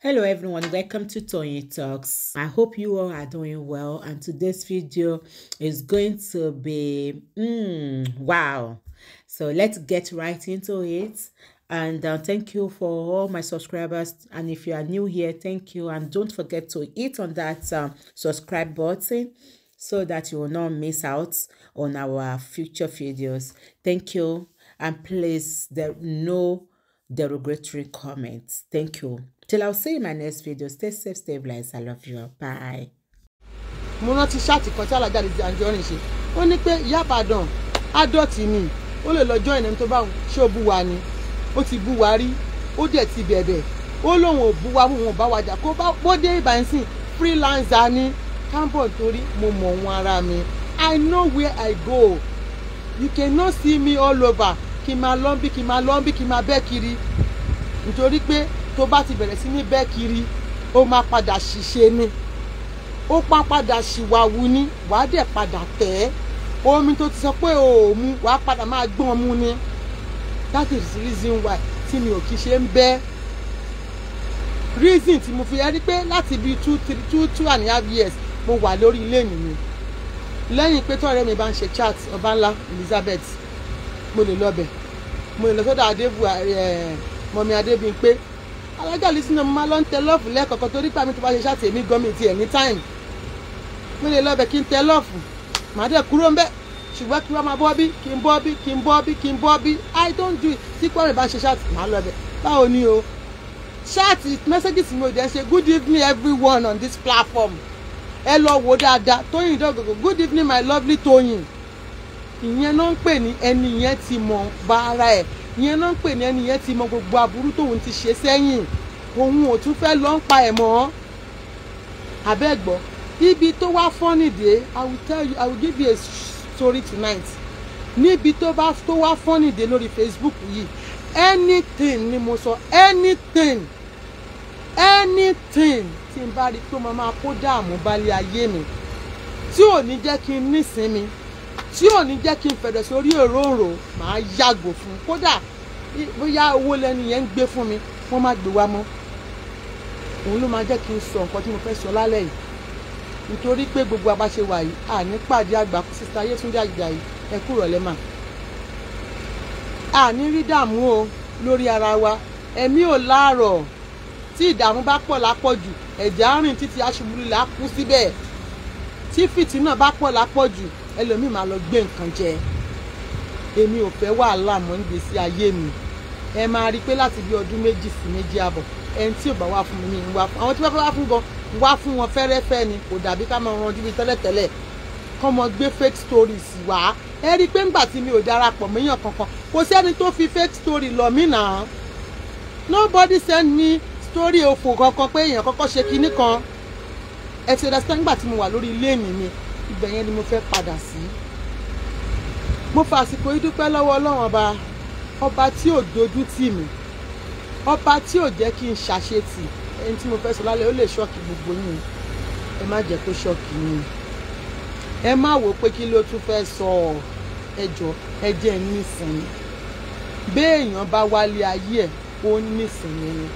hello everyone welcome to Tony Talks i hope you all are doing well and today's video is going to be mm, wow so let's get right into it and uh, thank you for all my subscribers and if you are new here thank you and don't forget to hit on that um, subscribe button so that you will not miss out on our future videos thank you and please there no derogatory comments thank you Till I'll see you in my next video. Stay safe, stay blessed. I love you. Bye. Mo rántí ṣáàtì kan tí alájáde ti Anjorin ṣe. Ó ní pé ìyá Ìbàdàn ádọ́tì ni ó lè lọ́jọ́ ìnáwó tó bá ṣé ó bú wa ni. Ó ti bú wa rí. Ó dẹ̀ ti bẹ̀bẹ̀. Ó lóun ò bú wa òun ò bá wa jà. Kó bá bóde ìbánsìn freelancer ni. Kámbọ̀ torí mo mọ̀ wọn ara mi. I know where I go. You cannot see me all over. Kì máa lọ́nbí kì máa lọ́nbí kì máa bẹ́ kiri. Nítorí pé tó bá ti bẹ̀rẹ̀ sí ní bẹ́ẹ̀ kiri ó máa padà ṣìṣe ni ó pa padà ṣìwàwù ni wàá dẹ̀ padà tẹ̀ omi tó ti sọ pé ò mu wàá padà máa gbọ́n mu ni that is the reason why tí mi ò kí ṣe ń bẹ́ẹ̀ reason tí mo fi ẹ́ rí pé láti bíi two three two two and a half years mo wà lórí ilé nìyẹn lẹ́yìn pé tọ́rẹ́ mi bá ń ṣe chat ọba Elizabeth mo lè lọ bẹ̀ mo lè lọ sọ́dọ̀ adébù mọ́mí adébíyìn pé alájà lè sinmi máa lọ ń tẹ lọ́ọ̀fù lẹ́ẹ̀kọ̀kan torí pàmí tó bá ṣe ṣáàtì èmi gan mi ti ẹ̀mí táìmù mi lè lọ́ọ̀bẹ̀ kí n tẹ lọ́ọ̀fù màá dẹ̀ kúrò ń bẹ̀ ṣùgbọ́n kí wọ́n máa bọ́ bí kí n bọ́ bí kí n bọ́ bí kí n bọ́ bí i don't do it tí pọ́nrẹ́ bá ṣe ṣáàtì màá lọ́ọ̀bẹ̀ báwo ni o ṣáàtì messages mi ò dẹ̀ ṣe good evening everyone on this platform ẹ lọ wo dáadáa tóyìn good evening my lovely tóyìn ìyẹn náà ń pè ìyẹn náà ń pè ní ẹni yẹn ti mọ gbogbo aburú tóun ti ṣe sẹ́yìn òun ò tún fẹ́ lọ pa ẹ̀ mọ́ abẹ́gbọ́ ibi tó wá fọ́nìdé i will tell you i will give you a story tonight níbi tó bá tó wá fọ́nìdé lórí facebook yìí anything ni mo sọ anything anything tí n bá rí i pé mo máa kó dààmú balẹ̀ ayé mi tí ò ní jẹ́ kí n nísinmi tí ò ní jẹ́ kí n fẹ̀dọ̀ sórí òróǹro màá yàgò fún kódà bóyá owó lẹ́nu yẹn ń gbé fún mi wọ́n má gbé wá mọ́ òun ló máa jẹ́ kí n sọ nǹkan tí mo fẹ́ sọ lálẹ́ yìí nítorí pé gbogbo abáṣe wà yìí àní pàdé àgbà sísá Yétúndé Àjàyí ẹ kúrò lẹ́mà àní rí dààmú o lórí ara wa ẹ̀mí ò láàrọ̀ tí ìdààmú bá pọ̀ lápọ̀jù ẹ̀jẹ̀ á rìn títí aṣubúlẹ̀ á kú síbẹ̀ tí fìtínà bá pọ̀ lápọ̀jù ẹlòmíì máa lọ gbé nǹkan jẹ èmi ò fẹ́ wàhálà mọ́ nígbèésí ayé mi ẹ máa rí i pé láti bí ọdún méjì sí méjì àbọ̀ ẹni tí ò bá wá fún mi ń wá fún àwọn tí wọ́n fẹ́ wá fún gan wá fún wọn fẹ́rẹ́fẹ́ ni kò dàbí ká máa ranjú bíi tẹ́lẹ̀tẹ́lẹ̀ kọ́ mọ gbé fake stories wá ẹ rí i pé ńgbà tí mi ò darapọ̀ mọ́yàn kankan kò sẹ́ni tó fi fake story lọ mí nà án nobody send me story òfò kankan pé èèyàn kọ́kọ́ ṣe kinní kan ẹ ti rẹ́sítẹ́ ńgbà tí mo wà lórí ilé mi ni ibẹ̀ yẹn ni mo fẹ́ padà sí mo fàsìkò yìí dúpẹ́ lọ́wọ́ ọlọ́run ọba ọba tí ò dojú tì mí ọba tí ò jẹ́ kí n ṣàṣetì ẹni tí mo fẹ́ sọ lálẹ́ ó lè ṣọ́ọ̀kì gbogbo yín ẹ má jẹ́ kó ṣọ́ọ̀kì yín ẹ má wò pé kí ló tún fẹ́ sọ ọ ẹjọ ẹjẹ nísìnyí béèyàn bá wálé ayé ẹ̀ ó nísìnyí ni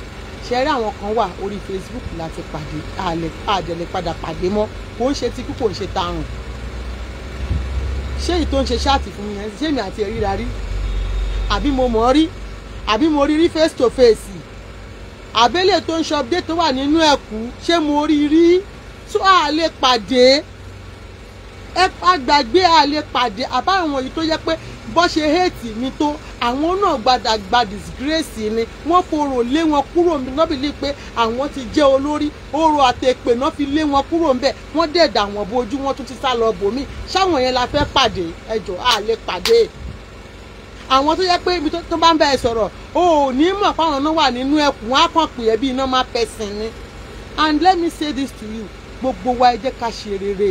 ṣe rí àwọn kan wà orí Facebook láti pàdé àjẹlẹ padà pàdé mọ́ kò ń ṣe ti kú kò ń ṣe tarùn ṣé ìtò ń ṣe ṣáàtì fún mi yẹn ṣé mi àti ríra rí àbí mo mọ̀ rí àbí mo rí rí face to face àbẹ́lẹ̀ tó ń ṣe update tó wà nínú ẹ̀kú ṣé mo rí rí tó a pàdé ẹ gbàgbé àlè pàdé àbá àwọn èyí tó yẹ pé bọ́ ṣe hate mi tó àwọn náà gbadà gba disgrace ni wọ́n forò lé wọn kúrò náà bí lè pé àwọn ti jẹ́ olórí ọ̀rọ̀ àtẹ̀pẹ̀ náà fi lé wọn kúrò ńbẹ̀ wọ́n dẹ̀dà wọn bojú wọn tún ti sá lọ bòmí ṣáwọn yẹn la fẹ́ pàdé ẹjọ́ àlè pàdé àwọn tó yẹ pé ibi tó bá ń bẹ ẹ sọ̀rọ̀ o ò ní mọ̀ fáwọn náà wà nínú ẹkùn á kàn pè é bí iná máa pẹ̀sìn ni and let me say this to you gbogbo wa ẹ jẹ́ ká ṣe rere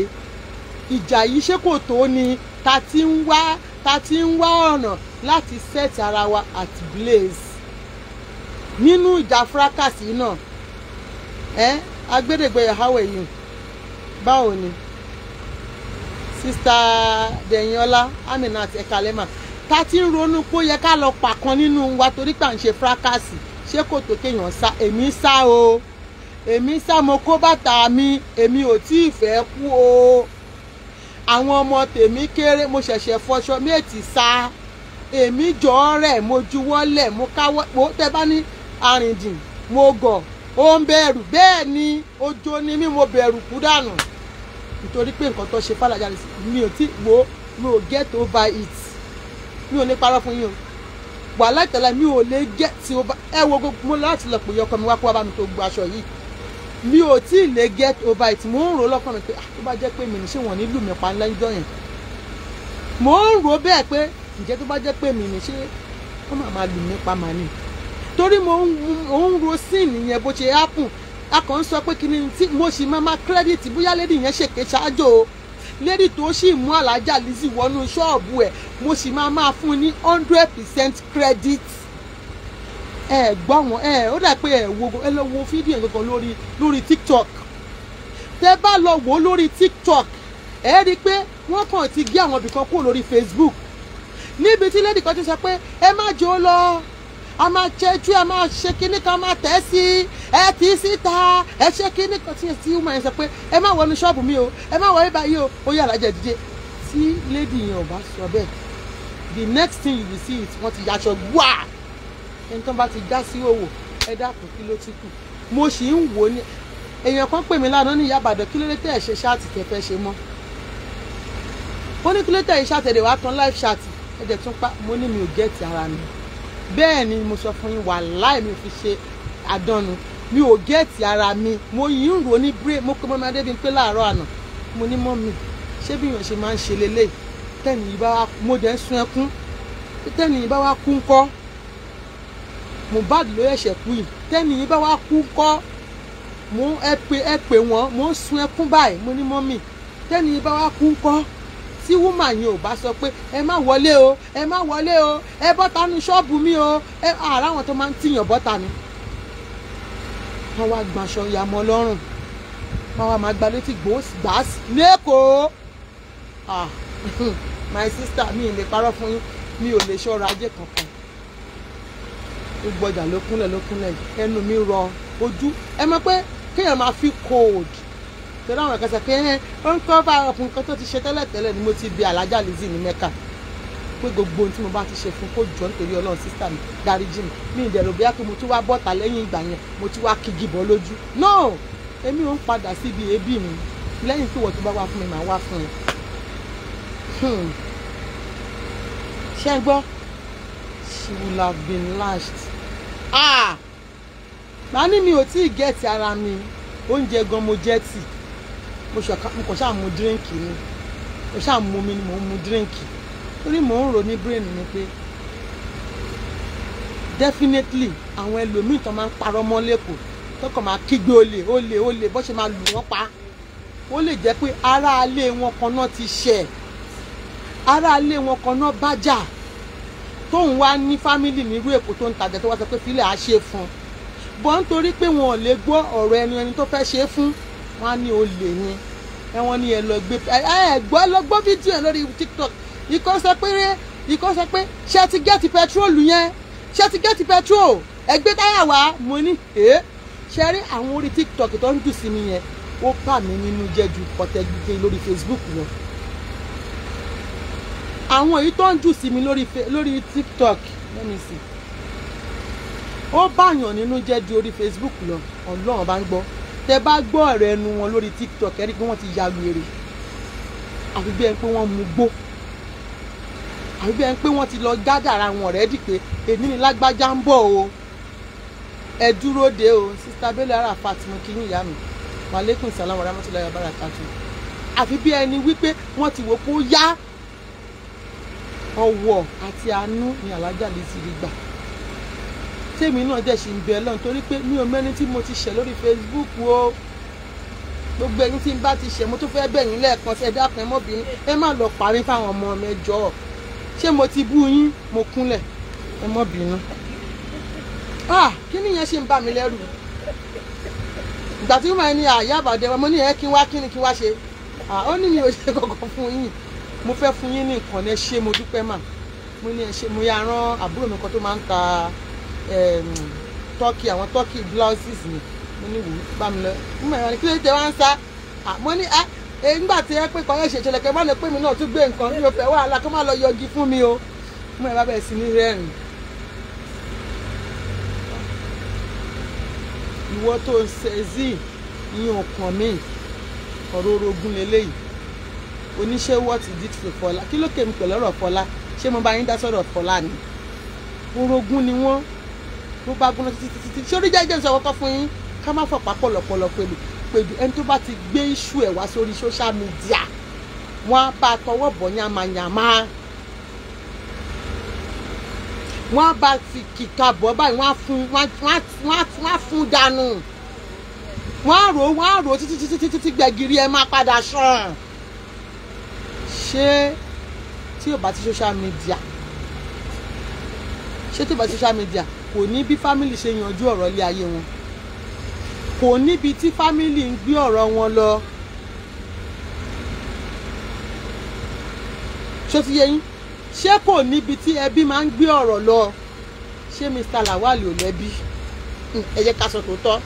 ìjà yìí ṣé kò tó ni ta ti ń wá ta ti ń wá ọ̀nà láti set ara wa at blaze nínú ìjà fracasi náà ẹ agbẹ́dẹ̀gbẹ́ how are you báwo ni sista Dẹ̀yìnọlá Aminat Ekalema ta ti ń ronú pé ó yẹ ká lọ pàkan nínú wa torí pà ń ṣe fracasi ṣé kò tó kéèyàn sá èmi sá o èmi sá mo kó bàtà mi èmi ò tí ì fẹ́ kú o àwọn ọmọ tèmi kéré mo ṣẹ̀ṣẹ̀ fọṣọ méjì sa èmi jọ rẹ̀ mo juwọ́lẹ̀ mo káwọ́ mo tẹ́ bá ní arìndìn mo gọ̀ ó ń bẹ̀rù bẹ́ẹ̀ ni ojo ni mí mo bẹ̀rù kú dànù nítorí pé nǹkan tó ṣe Fàlàjà mi ò tí wo mi ò get over it mi ò ní parọ́ fún yín o wàhálà ìtàlá mi ò lè get over ẹ wo gbogbo mo láti lọ pè yọkọ mi wá kó wá bá mi tó gbọ aṣọ yìí mi ò tí ì lè get over it mò ń rò lọ́kàn mi pé ah, tó bá jẹ́ pé mi ní ṣé wọ́n ní lù mí pa lẹ́jọ́ yẹn mò ń rò bẹ́ẹ̀ pé ǹjẹ́ tó bá jẹ́ pé mi ní ṣé wọ́n máa máa lù mí pa màá nì torí mò ń ro sin yẹn bó ṣe happen a kàn ń sọ pé kí ni tí mo sì máa máa credit bóyá lady yẹn ṣèké ṣáájú o lady tó sì mú alájà Lizzy wọnú ṣọ́ọ̀bù ẹ̀ mo sì máa máa fún ní hundred percent credit ẹ gbọ́ àwọn ẹ ó dà pé ẹ wo ẹ lọ wo fídíò kankan lórí lórí tiktok tẹ bá lọ wò ó lórí tiktok ẹ rí i pé wọ́n kàn ti gé àwọn ibìkan kúrò lórí facebook níbi tí lady kan ti sọ pé ẹ má jẹ́ ó lọ a máa jẹjú ẹ máa ṣe kinní kan máa tẹ̀ sí ẹ tì í síta ẹ ṣe kinní kan tí tí ó máa sọ pé ẹ má wọnú ṣọ́ọ̀bù mi o ẹ má wọ bíbá yìí o ó yà lájẹ díje tí lady yẹn ò bá sọ bẹ́ẹ̀ the next thing you will see is wọ́n ti yaṣọ gbà ẹni tó bá ti já sí òwò ẹ dákun kí ló ti kù mo sì ń wò ó ní èèyàn kan pè mí lánàá ní ìyábàdàn kí ló dé tẹ̀ ẹ̀ ṣe ṣáàtì tẹ̀ ṣe mọ́ ó ní kí ló tẹ̀ ẹ̀ ṣáàtì ẹ̀dẹ̀ wá tán live ṣáàtì ẹ̀dẹ̀ tún pa mo ní mi ò gẹ́ẹ̀tì ara mi bẹ́ẹ̀ ni mo sọ fún yín wàláì mi fi ṣe àdánù mi ò gẹ́ẹ̀tì ara mi mo yìí ń rò ní bírè mo kọ́ mọ́mí adébí pé láàárọ̀ àná mo ní mọ́ mi ṣé bí èèyàn máa ń ṣe lélẹ̀ tẹ́ni yìí bá mo dẹ̀ ń sun ẹkún tẹ́ni yìí bá wá kú Mohbad ló ṣẹ̀ṣẹ̀ kú yìí tẹ́ni yìí bá wá kú kọ́ mo ẹ pé ẹ pé wọn mo ń sun ẹkún báyìí mo ní mọ́mì tẹ́ni yìí bá wá kú kọ́ tí wúmà yẹn ò bá sọ pé ẹ má wọlé o ẹ má wọlé o ẹ bọ́ta nu ṣọ́ọ̀bù mi o ẹ àrà àwọn tó máa ń tìyàn bọ́ta ni. wọ́n wá gbàṣọ ìyàmọ́ ọlọ́run wọ́n wá máa gba létí gbàásì lẹ́kọ̀ọ́ ah my sister mi ì lè parọ́ fún yín mi ò lè ṣọ́ra ajé kankan gbogbo ọjà ló ẹnu mi rọ ojú ẹ mọ̀ pé kéèyàn máa fi cold tẹ́lẹ̀ àwọn ẹ̀kẹ́sẹ̀ pé ẹ ń kọ́ bá ọkùnrin kan tó ti ṣe tẹ́lẹ̀ tẹ́lẹ̀ ni mo ti bi alájà Lizzy ní mẹ́ka pé gbogbo ohun tí mo bá ti ṣe fún kó jọ nítorí ọlọ́run sísá mi dáríjì mi mi ìdẹ̀rù bóyá pé mo tún wá bọ́ta lẹ́yìn ìgbà yẹn mo tún wá kígi bọ́ lójú no èmi ò ń padà síbi ẹbí mi lẹ́yìn tí ìwọ̀n tó bá wá fún mi màá wá fún un hmm. ṣé gbọ́ she will have been last màá ní mi ò tí ì gẹ̀ẹ́tì ara mi oúnjẹ gan mo jẹ́ tì mo kàn ṣáà mu díríǹkì ni mo ṣáà mu omi ni mo mu díríǹkì torí mò ń rò ní brain mi pé definitely àwọn ẹlòmíì tó máa ń parọ́ mọ́ lẹ́kọ̀ọ́ tọkàn máa kígbe olè olè olè bó ṣe máa lù wọ́n pa ó lè jẹ́ pé aráalé wọn kan náà ti ṣẹ̀ aráalé wọn kan náà bá jà tóun wá ní fámìlì nírú èkó tó ń tajà tó wá sọ pé sílẹ̀ á ṣe fún un bọ́ nítorí pé wọn ò lè gbọ́ ọ̀rọ̀ ẹnu ẹni tó fẹ́ ṣe é fún wọn á ní olè ni ẹwọn ni ẹ lọ gbé ẹ gbọ́ lọ gbọ́ fídíò lórí tiktok ikọ́ sọ pé ikọ́ sọ pé ṣé ti gẹ́ẹ̀tì pẹtrólù yẹn ṣé ti gẹ́ẹ̀tì pẹtrólù ẹgbẹ́ táyà wá mo ní ẹ ṣe rí àwọn orí tiktok tó ń dùn sí mi yẹn ó bà mí nínú jẹ́ ju kọ̀tẹ́gbẹ́ lórí facebook lọ. No àwọn èyí tó ń jù sí mi lórí tiktok let me see ó báyàn nínú jẹ́ ju orí facebook lọ ọlọ́run bá ń gbọ́ tẹ bá gbọ́ ọ̀rọ̀ ẹnu wọn lórí tiktok ẹ rí i pé wọ́n ti ya wèrè àfi bí ẹni pé wọ́n mu gbó àfi bí ẹni pé wọ́n ti lọ gádàrà wọn ọ̀rẹ́dì pé èmi ni lágbájá ń bọ̀ o ẹ dúró de o sista bello arafat mo kí ní ìyá mi wàlẹ́kùn sàlámù rahmatulahi abarakatu àfi bí ẹni wípé wọ́n ti wò pé ó yá ọwọ́ àti àánú ni alájà lè ti rí gbà tèmi náà dẹ̀ ṣì ń bẹ lọ́n torí pé mi ò mẹ́ni tí mo ti ṣẹ̀ lórí Facebook o gbogbo ẹ̀yin tí n bá ti ṣẹ̀ mo tún fẹ́ bẹ̀yìn lẹ́ẹ̀kan sí ẹ̀dá kan mọ́bìnrin ẹ má lọ parí fáwọn ọmọ mẹ́jọ ṣé mo ti bú yín mo kúnlẹ̀ ẹ mọ́ bínú ah kí nìyẹn ṣe ń bà mí lẹ́rù ìgbà tí wọ́n máa ní àyà ah, àbàdẹ wọn mo ní ẹ kí n wá kí ni kí n wá ṣe ah, ó ní mi ò ṣe kankan fún yín mo fẹ́ fún yín ní nǹkan ẹ ṣé mo dúpẹ́ mà mo ní ẹ ṣé mo yà rán àbúrò mi kan tó máa ń ta tọ́kì àwọn tọ́kì blouses ni mo ní wò ó bá mi lọ mo ní kí ló tẹ wá ń sá mo ní ẹ nígbà tí ẹ pé kan ẹ ṣèṣẹlẹ kẹ má lè pè mí náà tún gbé nǹkan mi ò fẹ́ wàhálà kó má lọ yọgi fún mi o mo ní bá bẹ̀rẹ̀ sí ní rẹ́rìn ìwọ tó ń ṣe zí ìyẹn ò kàn ọ̀rọ̀ orogún lélẹ́yìí oníṣe what is it for Fọlá kí ló kèmí pẹ̀lú ọ̀rọ̀ Fọlá ṣé mo bá yín dá sọ̀rọ̀ Fọlá ni orogún ni wọ́n ló bá gúnná títí títí sórí jẹ́jẹ́ sọ kọ́kọ́ fún yín ká má fọ̀pá pọ̀lọ̀pọ̀lọ̀ pẹ̀lú pẹ̀lú ẹni tó bá ti gbé iṣu ẹ̀ wá sórí social media wọ́n á bá a tọwọ́ bọ̀ yamayama wọ́n á bá a fi kìka bọ̀ báyìí wọ́n á fún wọ́n á fún dànù wọ́n á rò wọ́n á rò títí títí títí gbẹ̀gìrì ẹ̀ máa padà ṣàn ṣé tí ò bá ti social media ṣé tí ò bá ti social media kò ní bí family ṣe yanjú ọ̀rọ̀ ilé ayé wọn kò níbi tí family ń gbé ọ̀rọ̀ wọn lọ ṣó ti yẹ yín ṣé kò níbi tí ẹbí máa ń gbé ọ̀rọ̀ lọ ṣé Mr. Lawal ò lẹ́bí ẹ jẹ́ ká sọ tòótọ́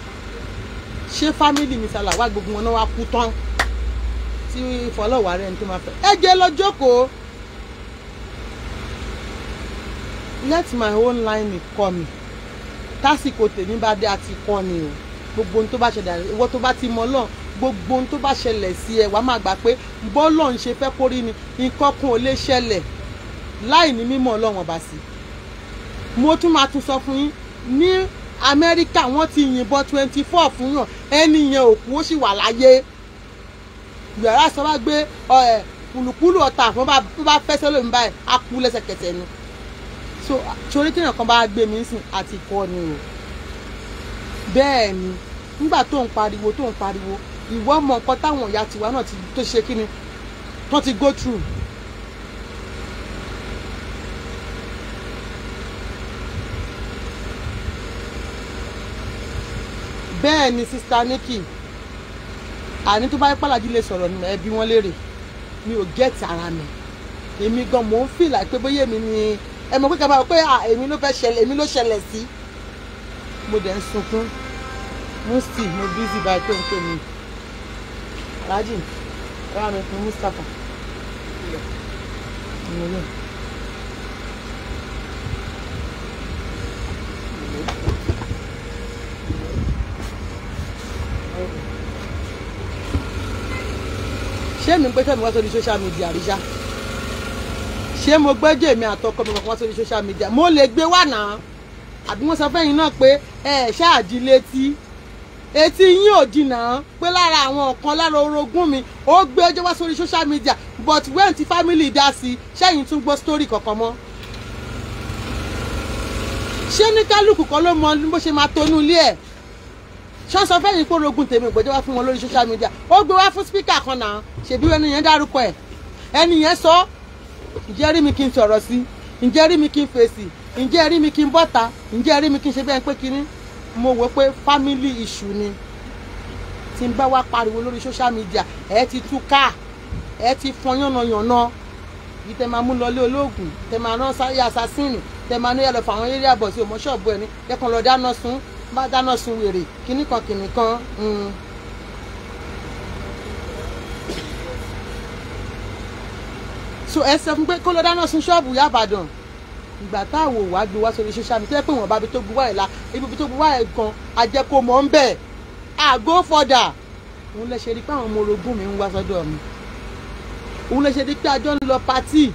ṣé family Mr. Lawal gbogbo wọn náà wá kú tán tí fọlọ́wà rẹ̀ ní tó máa fẹ́ ẹ jẹ́ lọ jókòó let my own line kọ́ mi tásìkò tèmi bá dé àti kọ́ ni o gbogbo ohun tó bá ṣẹlẹ̀ ìwọ tó bá ti mọ Ọlọ́run gbogbo ohun tó bá ṣẹlẹ̀ sí ẹ wàá máa gbà pé bọ́lọ̀ ń ṣe fẹ́ kó rí mi nǹkan kan ò lè ṣẹlẹ̀ láì ní mímọ̀ Ọlọ́run ọba sí mo tún máa tún sọ fún yín ní Amẹ́ríkà wọ́n ti yìnbọn twenty four fún yàn ẹni òkú ó sì wà láyé gbẹ̀rẹ́ àṣọ bá gbé kùlùkùlù ọ̀tá àfọ̀n bá fẹ́ sẹ́lómi báyìí á kú lẹ́sẹ̀kẹsẹ̀ ni so torí kéèyàn kan bá gbé mi sìn àti ìkọ́ ni o bẹ́ẹ̀ ni nígbà tó ń pariwo tó ń pariwo ìwọ mọ nǹkan táwọn ìyá tiwa náà tó ṣe kí ni tó ti go through bẹ́ẹ̀ ni sista Nikki àní tó bá yẹ pàlàjì lè sọ̀rọ̀ nù ẹbí wọn léèrè mi ò gẹ́ẹ̀tì ara mi èmi gan mò ń fìlà pé bóyá èmi ni ẹ mọ̀ pé kàbá pé èmi ló fẹ́ ṣẹlẹ̀ èmi ló ṣẹlẹ̀ sí mo dẹ̀ ń sunkún mo sì mo bízì báyìí pé n pè mí aláàjì ẹ wà mí fún Mustapha. Yeah. mi pé kẹ́mi wá sórí social media rí ṣá ṣé mo gbẹ́jọ́ èmi àtọkọ mi wá sórí social media mo lè gbé wà náà àbí wọ́n sọ fẹ́yìn náà pé ẹ ṣáàjì létí etí yín ò dìnà pé lára àwọn kan lára orogún mi ó gbé ọjọ́ wá sórí social media but when ti family dá sí i ṣẹ́yìn tún gbọ́ story kankan mọ́ ṣé ní kálukú kan ló mọ bó ṣe máa tonú ilé ẹ̀ ṣé ó sọ fẹ́ yìí kó rogun tèmi ìgbẹ́jọ́ wá fún wọn lórí social media ó gbé wá fún speaker kan náà ṣèbí ẹni yẹn dárúkọ ẹ̀ ẹni yẹn sọ ǹjẹ́ rí mi kí n sọ̀rọ̀ sí ǹjẹ́ rí mi kí n fèsì ǹjẹ́ rí mi kí n bọ́ta ǹjẹ́ rí mi kí n ṣe bẹ́ẹ̀ pé kínní mo wò pé family issue ni tí n bá wá pariwo lórí social media ẹ ti tú ká ẹ ti fọn yànnàyànnà yìí tẹ máa mú lọlé olóògùn tẹ máa rán sáyà sásìnì tẹ máa ní yàrá fún àwọn eré àbọ̀sí òmọ́ṣọ́ọ̀bù ẹni kẹ́kọ̀ọ́ lọ dáná sun bá dáná sun wèrè kíní kan kíní kan. Mm. so ẹ sọ fún pé kó ló dáná sun ṣọ́ọ̀bù yábàdàn ìgbà táwọn òwò àgbè wá sórí social media pé wọn bá bi tó gbowó ẹ la ibi tó gbowó ẹ gan ajẹkọ mọ ń bẹ àgó fọdà òun lè ṣe rí pé àwọn ọmọ orogún mi ń wá sọ́dọ̀ mi òun lè ṣe rí pé àjọ ń lọ pátì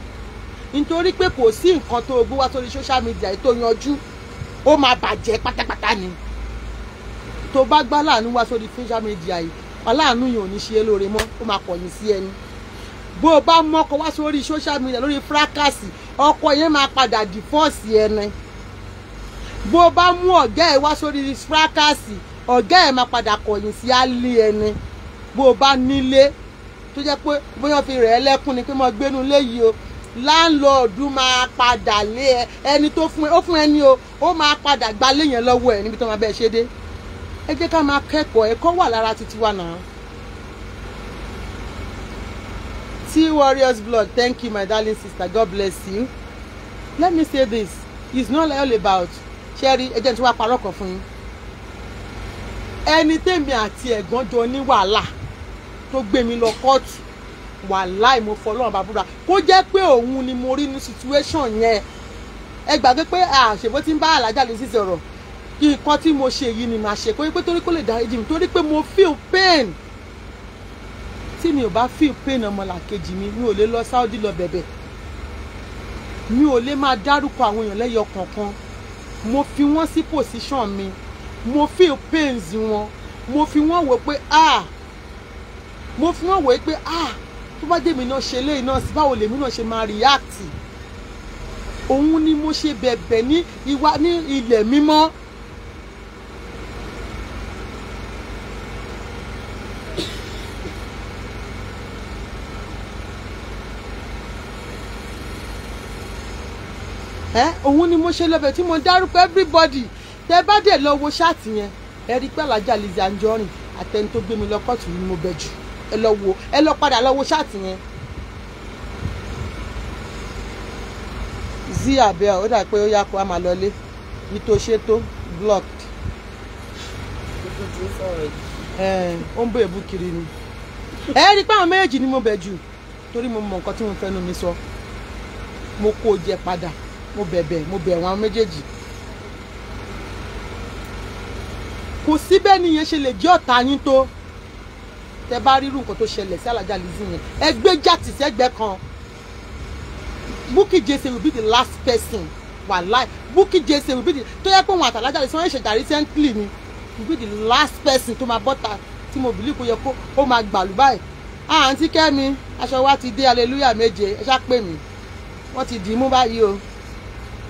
nítorí pé kò sí nǹkan tó gbowó wá sórí social media tó yanjú ó máa bàjẹ́ pátápátá ni tó bá gbá láàánú wá sórí social media yìí aláàánú yẹn ò ní ṣe é lóore mọ́ ó máa kọ̀yìn sí ẹni bó o bá mọ́kọ wá sórí social media lórí fracasi ọkọ yẹn máa padà dìfọ́ọ̀sì ẹni bó o bá mú ọ̀gá ẹ̀ wá sórí fracasi ọ̀gá ẹ̀ máa padà kọ̀yìn sí alẹ́ ẹni bó o bá nílé tó jẹ́ pé bóyá fi rẹ̀ ẹ́ lẹ́kùn ni pé mo gbénu léyìí o láńlọ́ọ̀dù máa padà lé ẹ ẹni tó fún ẹ ó fún ẹ ní o ó máa padà gbalé yẹn lọ́wọ́ ẹ níbi tó máa bẹ́ẹ̀ ṣe dé ẹ jẹ́ ká máa kẹ́kọ̀ọ́ ẹ̀kọ́ wà lára títí wa náà. T Warriors blood thank you my darling sister God bless you let me say this it's not all about ṣẹ́rí ẹ jẹ́ ní tí wàá parọ́ kan fún yín ẹni tèmi àti ẹ̀gbọ́n jọ ní wàhálà tó gbé mi lọ kóòtù wàláì mo fọ ọlọ́run bàbúrà kó jẹ́ pé òun ni mo rí ní situation yẹn ẹ gbàgbé pé àṣebó tí ń bá àlájà lè ṣiṣẹ́ ọ̀rọ̀ kí nǹkan tí mo ṣe yìí ni màá ṣe kó pé torí kó lè dáríjì mi torí pé mo feel pain tí mi ò bá feel pain ọmọlàkejì mi mi ò lè lọ Saudi lọ bẹ̀bẹ̀ mi ò lè máa dárúkọ àwọn èèyàn lẹ́yọ kọ̀ọ̀kan mo fi wọ́n sí position mi mo feel pains wọn mo fi wọ́n wò pé ah mo fi wọ́n wò pé ah tó bá jẹ́ mi náà ṣe léyìí náà sí báwo lèmi náà ṣe máa react òun ni mo ṣe bẹ̀bẹ̀ ní ìwà ní ilẹ̀ mímọ́. ẹ òun ni mo ṣe lọ́bẹ̀ tí mo dárúkọ everybody tẹ bá dẹ̀ lọ wo ṣáàtì yẹn ẹ rí pé alájà Lizzy àtẹni tó gbé mi lọ kóòtù ni mo bẹ jù ẹ lọ wò ẹ lọ padà lọ wo ṣáàtì yẹn. zi abel ó dà pé ó yá kó a máa lọlé ito ṣètò blocked. ó ń bọ̀ èbú kiri ni. ẹ rí i pé àwọn méjèèjì ni mo bẹ̀ jù torí mo mọ nǹkan tí mo fẹ́nu mi sọ mo kó o jẹ padà mo bẹ̀bẹ̀ mo bẹ̀ wọn méjèèjì. kò síbẹ̀ nìyẹn ṣe lè jẹ́ ọ̀tá yín tó tẹ bá rírú nǹkan tó ṣẹlẹ̀ sí alájà Lizzy yẹn ẹ gbé jàtì sẹ́gbẹ́ kan Bukky Jesse will be the last person wàláì Bukky Jesse will be the tó yẹ pé òun àtàlájà Lizzy wọ́n ṣe jà recently ni will be the last person tó máa bọ́ta tí mo bìlí kó yẹ kó ó máa gbàlú báyìí àǹtí ah, kẹ́mi aṣọ wa ti dé hallelujah méje ẹ ṣá pè mí wọ́n ti dì í mú báyìí o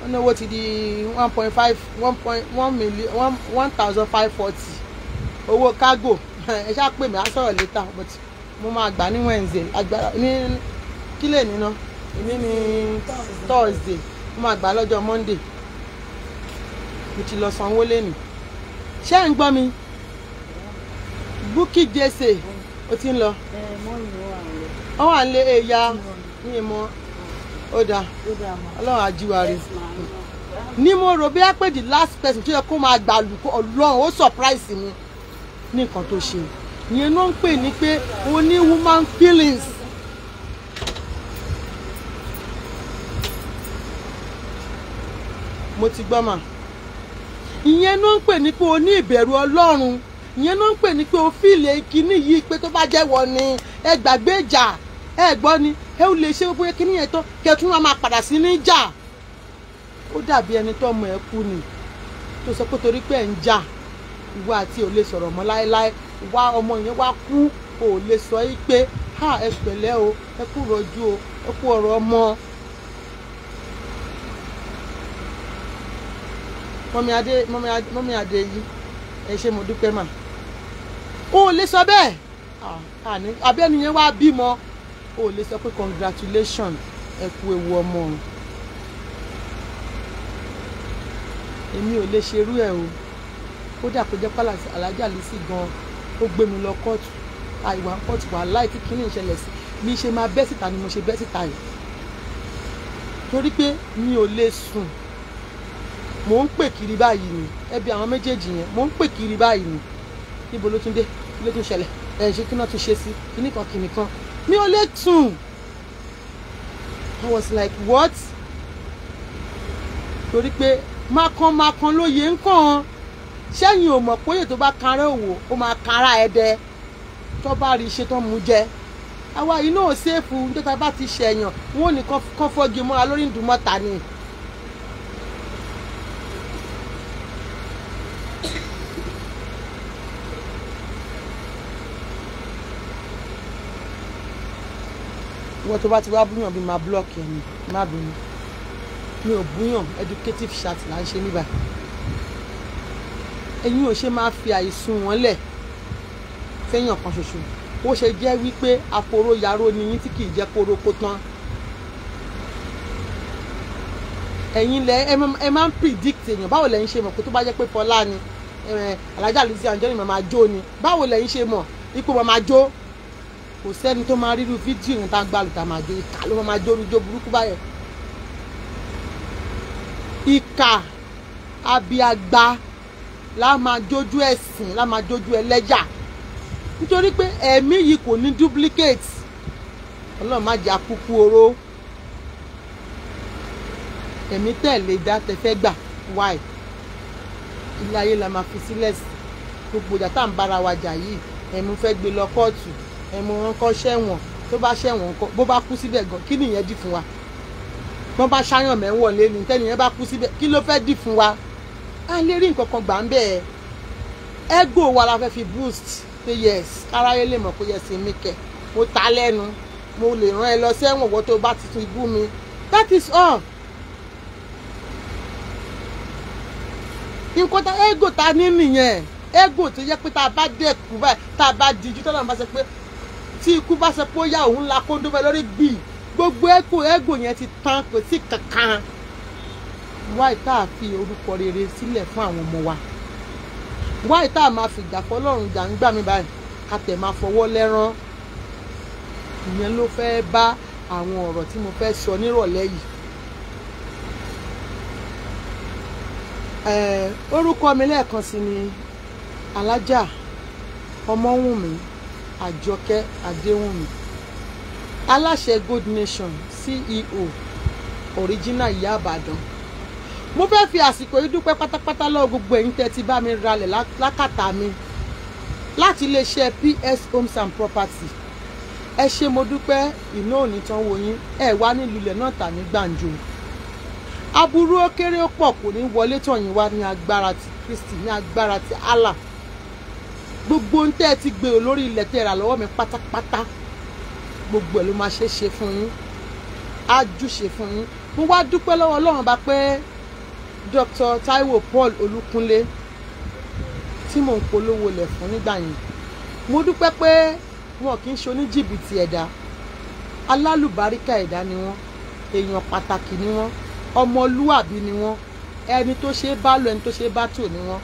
wọ́n ní owó ti di one point five one point one million one thousand five forty owó kágò ẹ ṣáà pè mí á sọ̀rọ̀ létà but mo máa gbà ní Wednesday agbára ní kílè nínà èmi ni Thursday mo máa gbà lọ́jọ́ Monday mo ti lọ sanwó lẹ́nu ṣé ń gbọ́ mi Bukky Jesse o ti ń lọ ọ wà lé ẹ̀yà ní ìmọ̀ ọ̀dà ọlọ́run àjíwárí ni mo rò bí a pè the last person tó yẹ kó máa gbà lù ọlọ́run ó surprise mi. ní nǹkan tó ṣe ìyẹn náà ń pè ní pé o ní woman feelings. mo ti gbọ́ mà ìyẹn náà ń pè ní pé o ní ìbẹ̀rù ọlọ́run ìyẹn náà ń pè ní pé o fìlè kínní yìí pé tó bá jẹ́ wọ ni ẹ gbàgbé ìjà ẹ gbọ́ ni ẹ ò lè ṣe gbogbo kínní yẹn tán kẹtùnú máa padà sí ní ìjà ó dàbí ẹni tó ọmọ ẹ kú ni tó sọ pé torí pé ẹ ń jà. Ja ìwọ àti ò lè sọ̀rọ̀ mọ́ láéláé wá ọmọ yẹn wá kú ò sọ yí pé ha ẹ pẹ̀lẹ́ o ẹ kú rọjú o ẹ kú ọ̀rọ̀ ọmọ. mọ́mí adé mọ́mí adé yìí ẹ ṣe mo dúpẹ́ mà. o lè sọ bẹ́ẹ̀ àbí ẹni yẹn wá bímọ o sọ pé congratulation ẹ kú ewu ọmọ o èmi ò lè ṣerú ẹ o kódà kó jẹ́ pálàsì alájà sí gan ó gbé mi lọ kóòtù àìwá kóòtù wà láì tí kinní sí mi ṣe máa bẹ́ síta ni mo ṣe bẹ́ síta yìí torí pé mi ò lè sùn mò ń pè kiri báyìí ni ẹbí àwọn méjèèjì yẹn mò ń pè kiri báyìí ni níbo ló tún dé ló tún ṣẹlẹ̀ ẹ̀ ṣe kí náà tún ṣe sí kíní kan kìnì kan mi ò lè sùn I was like what torí pé mákan mákan ló yẹ ń kàn án sẹ́yìn ò mọ̀ pé tó bá kanra òwò ó máa kanra ẹ̀dẹ tó bá rí iṣẹ́ tó mú jẹ àwa yìí náà ṣèfù nígbà bá ti ṣẹ̀yàn wọn ò ní kọ́ fọ́gi mọ́ra lórí ìdùnmọ́ta ni. wọ́n tó bá ti wá búyàn bí máa búlọ̀kì ẹ̀yìn má bínú mi ò búyàn educative chat là ń ṣe níbà ẹ̀yin ò ṣe máa fi àìsùn wọn lẹ̀ fẹ́yàn kan ṣoṣo ó ṣe jẹ́ wípé aporo yàrá ni yín tí kì í jẹ́ kóró kó tán ẹ̀yin lẹ ẹ máa ń predict èèyàn báwo lẹ́yìn ṣe mọ̀ pé tó bá jẹ́ pé Fọlá ni alájà Lizzy Anjorin màmá jó ni báwo lẹ́yìn ṣe mọ̀ ipò màmá jó kò sẹ́ni tó máa ríru fídíò yẹn tá a gbàlù tá a máa jó ìkà ló máa jó orújó burúkú báyẹn ìkà abiagba la máa jójú ẹ̀sìn la máa jójú ẹlẹ́yà nítorí pé ẹ̀mí yìí kò ní duplicate ọlọ́run má jẹ́ akúkú oró ẹ̀mí tẹ̀lé dá tẹ́fẹ́ gbà wáì ilé ayé la máa fi sílẹ̀ sí gbogbo ìjà tá à ń bára wa jà yìí ẹ̀mú fẹ́ gbé lọ kóòtù ẹ̀mú wọn kọ́ ṣẹ̀wọ̀n tó bá ṣẹ̀wọ̀n kọ́ bó bá kú síbẹ̀ gan kí nìyẹn dì fún wa wọ́n bá ṣáyàn mẹ́wọ̀n lé ní tẹ́nìyẹn bá kú síbẹ̀ kí ló fẹ́ dì fún wa a lè rí nǹkan kan gbà ń bẹ́ẹ̀ ego wa la fẹ́ fi boost pé yes káráyé lè mọ̀ pé yes mi kẹ̀ mo ta lẹ́nu mo lè rán ẹ lọ sẹ́wọ̀n wọ́n tó bá ti ibú mi that is all. nǹkan tá ego ta ní nìyẹn ego tó yẹ pé tá a bá dẹ̀kú báyìí tá a bá dijú tọ́lá bá sọ pé tí ikú bá sọ pé ó yá òun la kó ń dúpẹ́ lórí gbì gbogbo ego ego yẹn ti tán kò sí kankan wáì tá a fi orúkọ rere sílẹ̀ fún àwọn ọmọ wa wáì tá a máa fìjà fọlọ́run jà ń gbà mí báyìí ká tẹ̀ máa fọwọ́ lẹ́rán ìyẹn ló fẹ́ bá àwọn ọ̀rọ̀ tí mo fẹ́ sọ nírọ̀lẹ́ yìí. orúkọ mi lẹ́ẹ̀kan sí ni alájà ọmọwùnmí àjọkẹ́ adéwùnmí aláṣẹ good nation ceo original ìyá àbàdàn mo fẹ́ fi àsìkò yìí dúpẹ́ pátápátá lọ́wọ́ gbogbo ẹ̀yin tẹ́ ti bá mi ralẹ̀ lákàtà mi láti iléeṣẹ́ PS Homes and Property ẹ ṣe mo dúpẹ́ iná òní tán wo yín ẹ wá nílùlẹ̀ náà tà ní gbàǹjo aburú ó kéré ó pọ̀ kò ní wọlé tọ̀ yín wá ní agbára ti Kristi ní agbára ti Allah gbogbo ń tẹ́ ẹ ti gbèrò lórí ilẹ̀ tẹ́ rà lọ́wọ́ mi pátápátá gbogbo ẹ̀ ló máa ṣe é ṣe fún yín á júṣe fún yín mo wá dúpẹ́ lọ́wọ́ Ọlọ́run bá pé Dr. Taiwo Paul Olukunle, tí mò ń polówó lẹ̀ fún nígbà yẹn mo dúpẹ́ pé wọn kì í ṣe oníjìbìtì ẹ̀dá alálùbáríkà ẹ̀dá ni wọ́n èèyàn pàtàkì ni wọ́n ọmọlúàbí ni wọ́n ẹni tó ṣe é bá lọ ẹni tó ṣe é bá tò ni wọ́n.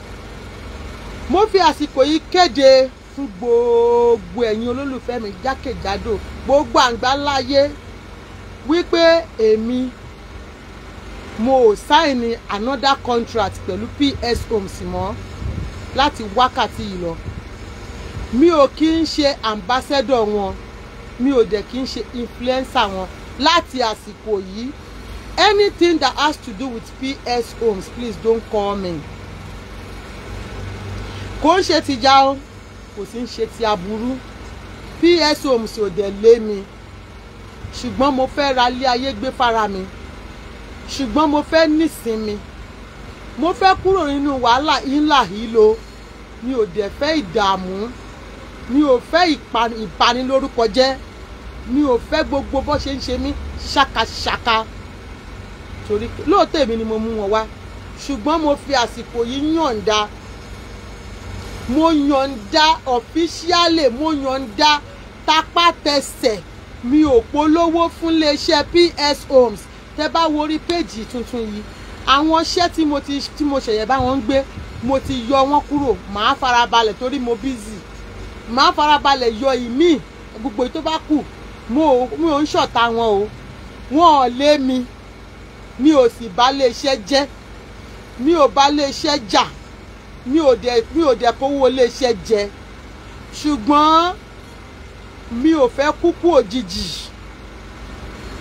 mo fi àsìkò yìí kéde fún gbogbo ẹ̀yin olólùfẹ́ mi jákèjádò gbogbo àǹgbá láyé wípé èmi mo ò sáìnì another contract pẹ̀lú PS Homes mọ́ láti wákàtí yìí lọ mi ò kí ń ṣe ambassador wọn mi ò dẹ̀ kí ń ṣe influencer wọn láti àsìkò yìí anything that has to do with PS Homes please don't call me kò ń ṣe tìjà o kò sì ń ṣe ti aburú PS Homes ò dẹ̀ lé mi ṣùgbọ́n mo fẹ́ ra ilé ayé gbé fara mi ṣùgbọ́n mo fẹ́ nísinmi mo fẹ́ kúrò nínú wàhálà ńlá yìí lo mi ò dẹ̀ fẹ́ ìdààmú mi ò fẹ́ ìbanilórúkọ jẹ́ mi ò fẹ́ gbogbo bó ṣe ń ṣe mí ṣàkàṣàkà torí lóòótọ́ èmi ni mo mú wọn wá ṣùgbọ́n mo fi àsìkò yìí yọ̀ǹda mo yọ̀ǹda ọ̀fíṣíálè mo yọ̀ǹda tapátẹsẹ̀ mi ò polówó fún iléeṣẹ́ PS Homes tẹ́ bá wo orí péjì tuntun yìí àwọn iṣẹ́ tí mo ti tí mo ṣẹ̀yẹ̀ bá wọn ń gbé mo ti yọ wọ́n kúrò màá farabalẹ̀ torí mo bízì màá farabalẹ̀ yọ ìmíì gbogbo tó bá kù mo ò ń ṣọ̀tá wọn o wọn ò lé mi mi ò sì bá lé iṣẹ́ jẹ́ mi ò bá lé iṣẹ́ jà mi ò dẹ̀ mi ò dẹ̀ kówó lé iṣẹ́ jẹ ṣùgbọ́n mi ò fẹ́ kúkú òjijì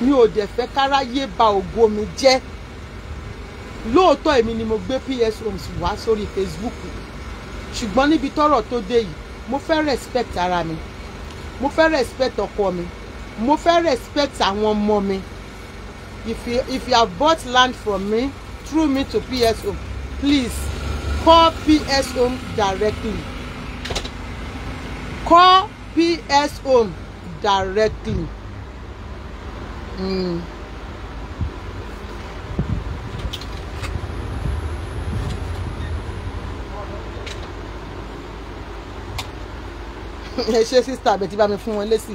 mi ò dẹ̀ fẹ́ káráyé ba ògo mi jẹ́ lóòótọ́ èmi ni mo gbé PS homes wá sórí Facebook ṣùgbọ́n níbi tọ́rọ̀ tó dé yìí mo fẹ́ respect ara mi mo fẹ́ respect ọkọ mi mo fẹ́ respect àwọn ọmọ mi if you if you have bought land from me through me to PS home please call PS home directly call PS home directly. Mm. ẹ ṣe sísá àbẹ̀tí bá mi fún wọn lésì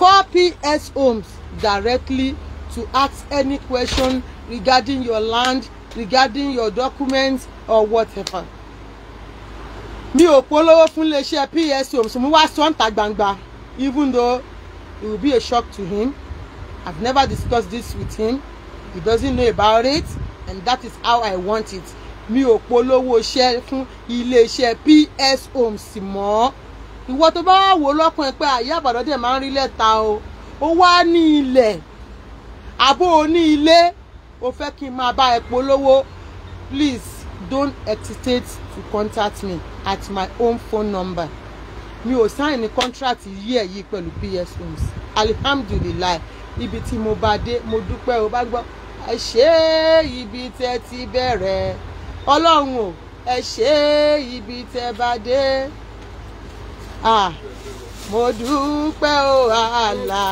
call PS Homes directly to ask any question regarding your land regarding your documents or whatever. mi ò polówó fún iléeṣẹ́ PS Homes mo wá sọ́ǹtà gbangba even though it will be a shock to him I've never discussed this with him he doesn't know about it and that is how I want it mi ò polówó iṣẹ́ fún iléeṣẹ́ PS Homes mọ́ ìwọ tó bá wò lọ́kàn ẹ pé àyè àbàdàn dẹ̀ máa ń rí lẹ́ta o ó wá ní ilẹ̀ àbó o ní ilé o fẹ́ kí n máa bá ẹ polówó please don't hesitate to contact me at my home phone number mi ò sáìn ní contract yí ẹ̀ yí pẹ̀lú PS Homes alihamdulilayi ibi tí mo bá dé mo dúpẹ́ o bá gbọ́ ẹ ṣe ibi tẹ́ ti bẹ̀rẹ̀ ọlọ́run o ẹ ṣe ibi tẹ́ bá dé mo dúpẹ́ o àlà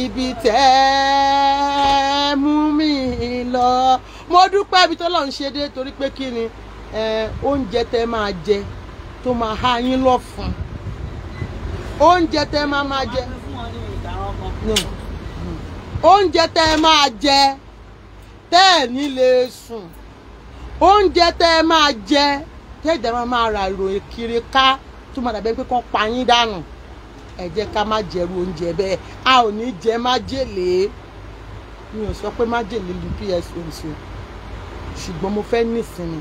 ibi tẹ́ mú mi lọ mo dúpẹ́ ibi tọ́lọ́run ṣe dé torí pé kí ni oúnjẹ tẹ́ máa jẹ tó máa há yín lọ́fun oúnjẹ tẹ́ máa máa jẹ. No oúnjẹ tẹ́ ẹ máa jẹ tẹ́ ẹ ní lè sùn oúnjẹ tẹ́ ẹ máa jẹ tẹ́ ẹ̀jẹ̀ máa máa ra ìròyìn kiri ká tó máa dàbẹ́ pé kán pa yín dànù ẹ jẹ́ ká má jẹrú oúnjẹ bẹ́ẹ̀ a ò ní jẹ májèlé mi ò sọ pé májèlé lu pso ṣe ṣùgbọ́n mo fẹ́ nísinmi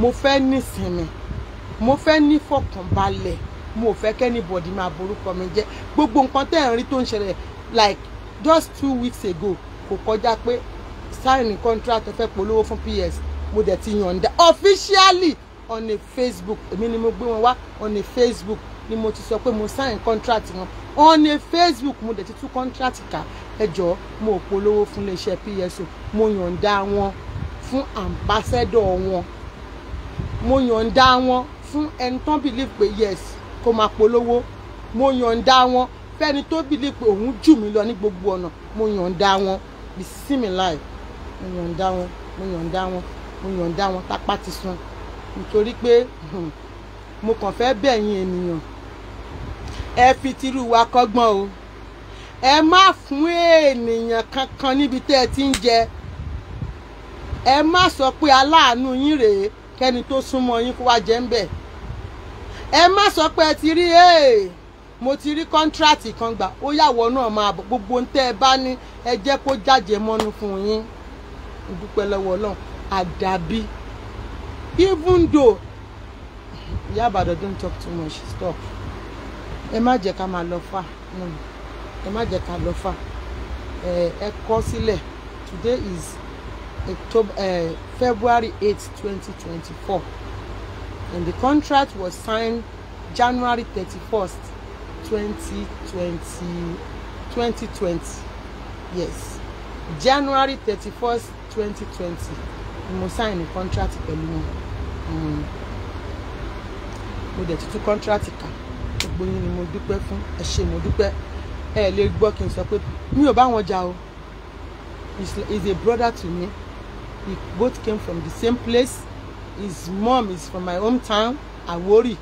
mo fẹ́ nísinmi mo fẹ́ nífọ̀kànbalẹ̀ mo ò fẹ́ kẹ́nìbọ̀dì máa borúkọ mi jẹ́ gbogbo nǹkan tẹ́ ẹ̀ ń rí tó ń ṣẹlẹ̀ like just two weeks ago kò kọjá pé sign contract fẹ́ polówó fún PS mo dẹ̀ ti yọ̀ǹda officially on a Facebook èmi ni mo gbé wọn wá on a Facebook ni mo ti sọ pé mo sign contract wọn on a Facebook mo dẹ̀ ti tú contract kà ẹ jọ̀ọ́ mo polówó fún iléeṣẹ́ PSO mo yọ̀ǹda wọn fún ambassador wọn mo yọ̀ǹda wọn fún ẹni tán believe pé yes kó máa polówó mo yọ̀ǹda wọn fẹ́ni tó bìlí pé òun jù mí lọ ní gbogbo ọ̀nà mo yọ̀ǹda wọn bí sími láì mo yọ̀ǹda wọn mo yọ̀ǹda wọn mo yọ̀ǹda wọn tápá ti sun nítorí pé hmm, mo kàn fẹ́ bẹ̀yìn ènìyàn ẹ fi tìrú wa kọ́gbọ́n o ẹ má fún ènìyàn kankan níbi tẹ́ ẹ ti ń jẹ ẹ má sọ pé aláàánú yín rèé kẹ́ni tó súnmọ́ yín kó wá jẹ ń bẹ̀ ẹ má sọ pé ẹ ti rí èè mo ti rí kọ́ńtíráàtì kan gbà ó yàwọ̀ náà máa bọ̀ gbogbo ń tẹ́ ẹ bá ní ẹ jẹ́ kó jáde mọ́nú fún yín ìdúpẹ́ lọ́wọ́ náà àdàbí even though ìyá àbàdàn don't talk too much stop ẹ má jẹ́ ká máa lọ fà ẹ má jẹ́ ká lọ fà ẹ kọ sílẹ̀ today is October, uh, February 8, 2024 and the contract was signed January 31st 2020, 2020, yes january 31st, 2020. twenty ni mo sign contract pẹ̀lú wọn mm. mo dẹ̀ tuntun contract kan gbogbo yín ni mo dúpẹ́ fún ẹ ṣé mo dúpẹ́ ẹ lè gbọ́ kí n sọ pé mi ò bá wọn jà o is a brother to me we both came from the same place his mom is from my hometown Awori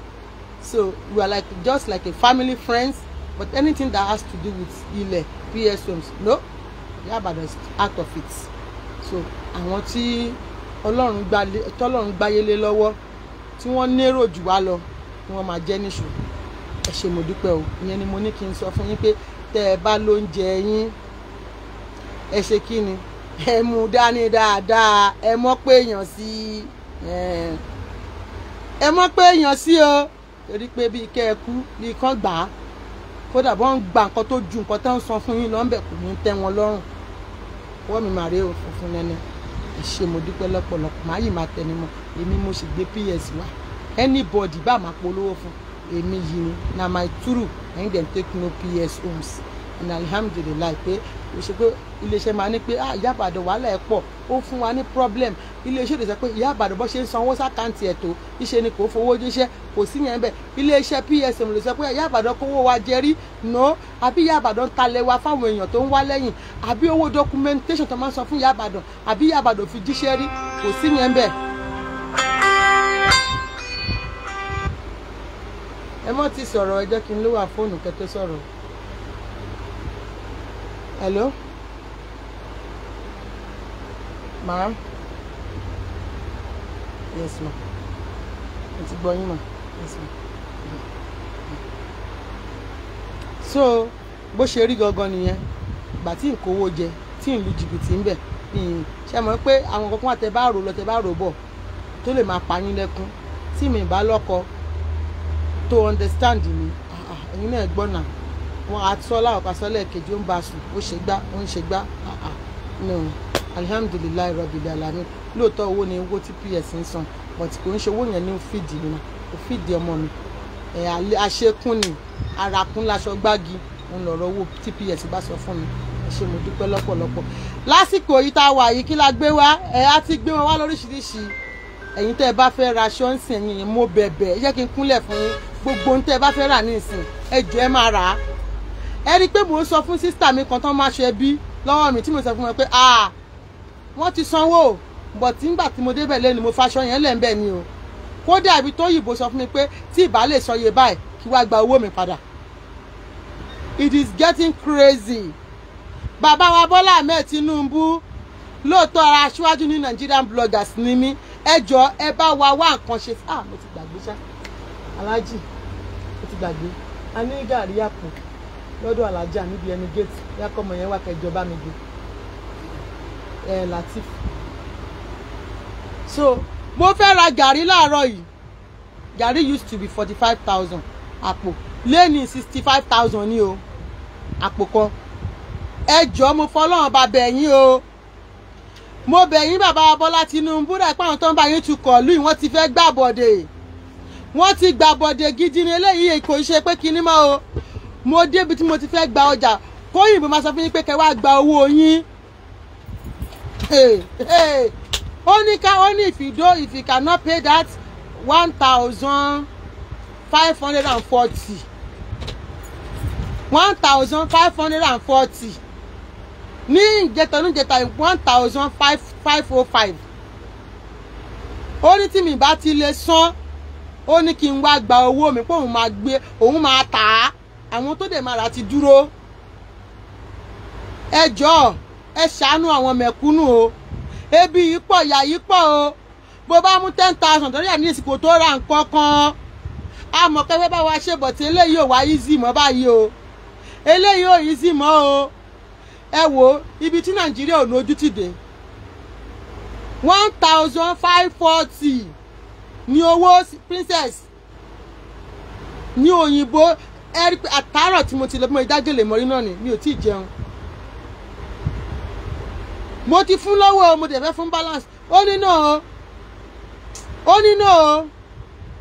so we are like just like a family friends but anything that has to do with ilẹ̀ psoms no yabadan is out of it so àwọn tí ọlọ́run gbalé tọ́lọ́run gbáyélé lọ́wọ́ tí wọ́n nérò jù wá lọ ni wọ́n máa jẹ́ níṣù ẹ ṣé mo dúpẹ́ o ìyẹn ni mo ní kí n sọ fún yín pé tẹ́ ẹ bá lóúnjẹ yín ẹ ṣe kí ni ẹ mú dání dáadáa ẹ mọ̀ pé èèyàn sí ẹ mọ̀ pé èèyàn sí o torí pé bíi kẹ́ ẹ kú bíi kọ́ gbà á kódà bọ́ ń gba nǹkan tó ju nǹkan tó ń san fún yín lọ ń bẹ̀ kò ní tẹ́ wọn lọ́rùn wọ́n mi màá rí òfin nẹ́nẹ́ ìṣe mo dúpẹ́ lọ́pọ̀lọpọ̀ màá yìí máa tẹnumọ́ èmi mo sì gbé ps wá anybody bá máa polówó fún èmi yìí ni na my true and dem take no ps homes and alhamdulilayi pé o ṣe pé iléeṣẹ́ máa ní pé ah ìyá àbàdàn wàhálà ẹ̀ pọ̀ ó fún wa ní problem iléeṣẹ́ òde sọ pé ìyá àbàdàn bọ́ ṣe ń sanwó sákàǹtì ẹ̀tọ́ iṣẹ́ ni kò fowó jíṣẹ́ kò sí yẹn bẹ́ẹ̀ iléeṣẹ́ psm lè sọ pé ìyá àbàdàn kówó wa jẹrí no àbí ìyá àbàdàn talẹ̀ wa fáwọn èèyàn tó ń wá lẹ́yìn àbí owó documentation tó máa ń san fún ìyá àbàdàn àbí ìyá àbàdàn fi jíṣẹ́ rí kò sí yẹn bẹ́ẹ̀. ẹ mọ́ ti sọ̀rọ̀ ẹ jẹ́ kí n ló fóònù kẹ́ hello ma'am yes ma It's ti gbọ́ ma yes ma. so bó ṣe rí gangan nìyẹn ìgbà tí ìkówó jẹ tí ìlú jìbìtì ń bẹ̀ ṣe mọ̀ pé àwọn kankan àtẹ bá rò lọ tẹ bá rò bọ̀ To lè máa pa yín lẹ́kún tí mi bá lọ́kọ tó understand mi ẹ̀yin náà gbọ́ náà wọn àtọ́ láwọ̀pá sọ́lẹ̀ kejì ó ń bá sùn ó ṣe gbá ó ń ṣe gbá no Alhamdulillah, rabbil alamin lóòótọ́ owó ni owó tí ps ń san but kò ń ṣe owó yẹn ní fìdí mi kò fìdí ọmọ mi àṣekún ni arakún laṣọ gbági ń lọ̀rọ̀ owó tí ps bá sọ fún mi ẹ ṣé mo dúpẹ́ lọ́pọ̀lọpọ̀ lásìkò yìí tá a wà yìí kí la gbé wá ẹ á ti gbé wọn wá lóríṣiríṣi ẹ̀yin tẹ́ ẹ bá fẹ́ ra aṣọ ń sìn ẹ̀yin mo bẹ̀bẹ̀ ẹ jẹ́ kí n kúnlẹ̀ fún yín gbogbo ohun tẹ́ ẹ bá fẹ́ rà ní ìsìn ẹ jọ̀ọ́ ẹ máa rà á ẹ rí i pé mò ń sọ fún sísítà mi kan tán máa ṣe ẹbí lọ́wọ́ mi tí mo sọ fún wọn pé ah wọ́n ti sanwó but nígbà tí mo débẹ̀ lẹ́nu mo faṣọ yẹn lẹ̀ ń bẹ̀ ni o kódà ibi tó yìnbó sọ fún mi pé tí ìbá lè sọ iye báyìí kí wàá gba owó mi padà it is getting crazy bàbá wa Bọ́lá Ahmed Tinubu lóòótọ́ ara aṣíwájú ní Nigerian bloggers ni mí ẹ jọ ẹ bá wa wá nǹkan ṣe ah mo ti gbàgbé ṣá aláàjì mo ti gbàgbé a ní gàrí àpò lọ́dọ̀ alájà níbi ẹnu gate yàkọ́mọ yẹn wà kẹjọba mi gbé ẹ̀ Latif so mo fẹ́ ra gàrí láàárọ̀ yìí gàrí used to be forty five thousand àpò lẹ́ni sixty five thousand ni o àpò kan ẹ mo fọlọ́run bá bẹ̀ yín o mo bẹ̀ yín bàbá Bọ́lá Tinubu rẹ̀ pé àwọn tó ń bá yín tukọ̀ lùyìn wọ́n ti fẹ́ gbàbọ̀dè wọ́n ti gbàbọ̀dè gidi ní eléyìí kò ṣe pé kinní mọ́ o mo débi tí mo ti fẹ́ gba ọjà kóyìnbó máa sọ fún yín pé kẹ́ wá gba owó yín. Hey, hey only can only if you do if you cannot pay that one thousand five hundred and forty one thousand five hundred and forty ní ìjẹta ní ìjẹta one thousand five five oh five ó ní tí mi bá ti lè san ó ní kí n wá gba owó mi pé òun máa gbé òun máa tà á àwọn tó dẹ̀ máa rà ti dúró ẹ ẹ ṣàánú àwọn mẹ̀kúnnù o ebi yìí pọ̀ ìyà yìí pọ̀ o bó bá mú ten thousand torí àmì ìsìnkú tó ra nǹkan kan àmọ́ kẹfẹ́ bá wa ṣe bọ̀ tí eléyìí ò wá easy mọ́ báyìí o eléyìí ò easy mọ́ o ẹ wo ibi tí nàìjíríà ò lójú ti dé one thousand five forty ní owó princess ní òyìnbó àtàárọ̀ tí mo ti lọ bí mo dájọ́ lè mọ́rí náà ni mi ò tí ì jẹun mo ti fún lọ́wọ́ mo dẹ̀ fẹ́ fún balance ó ní náà o ó ní náà o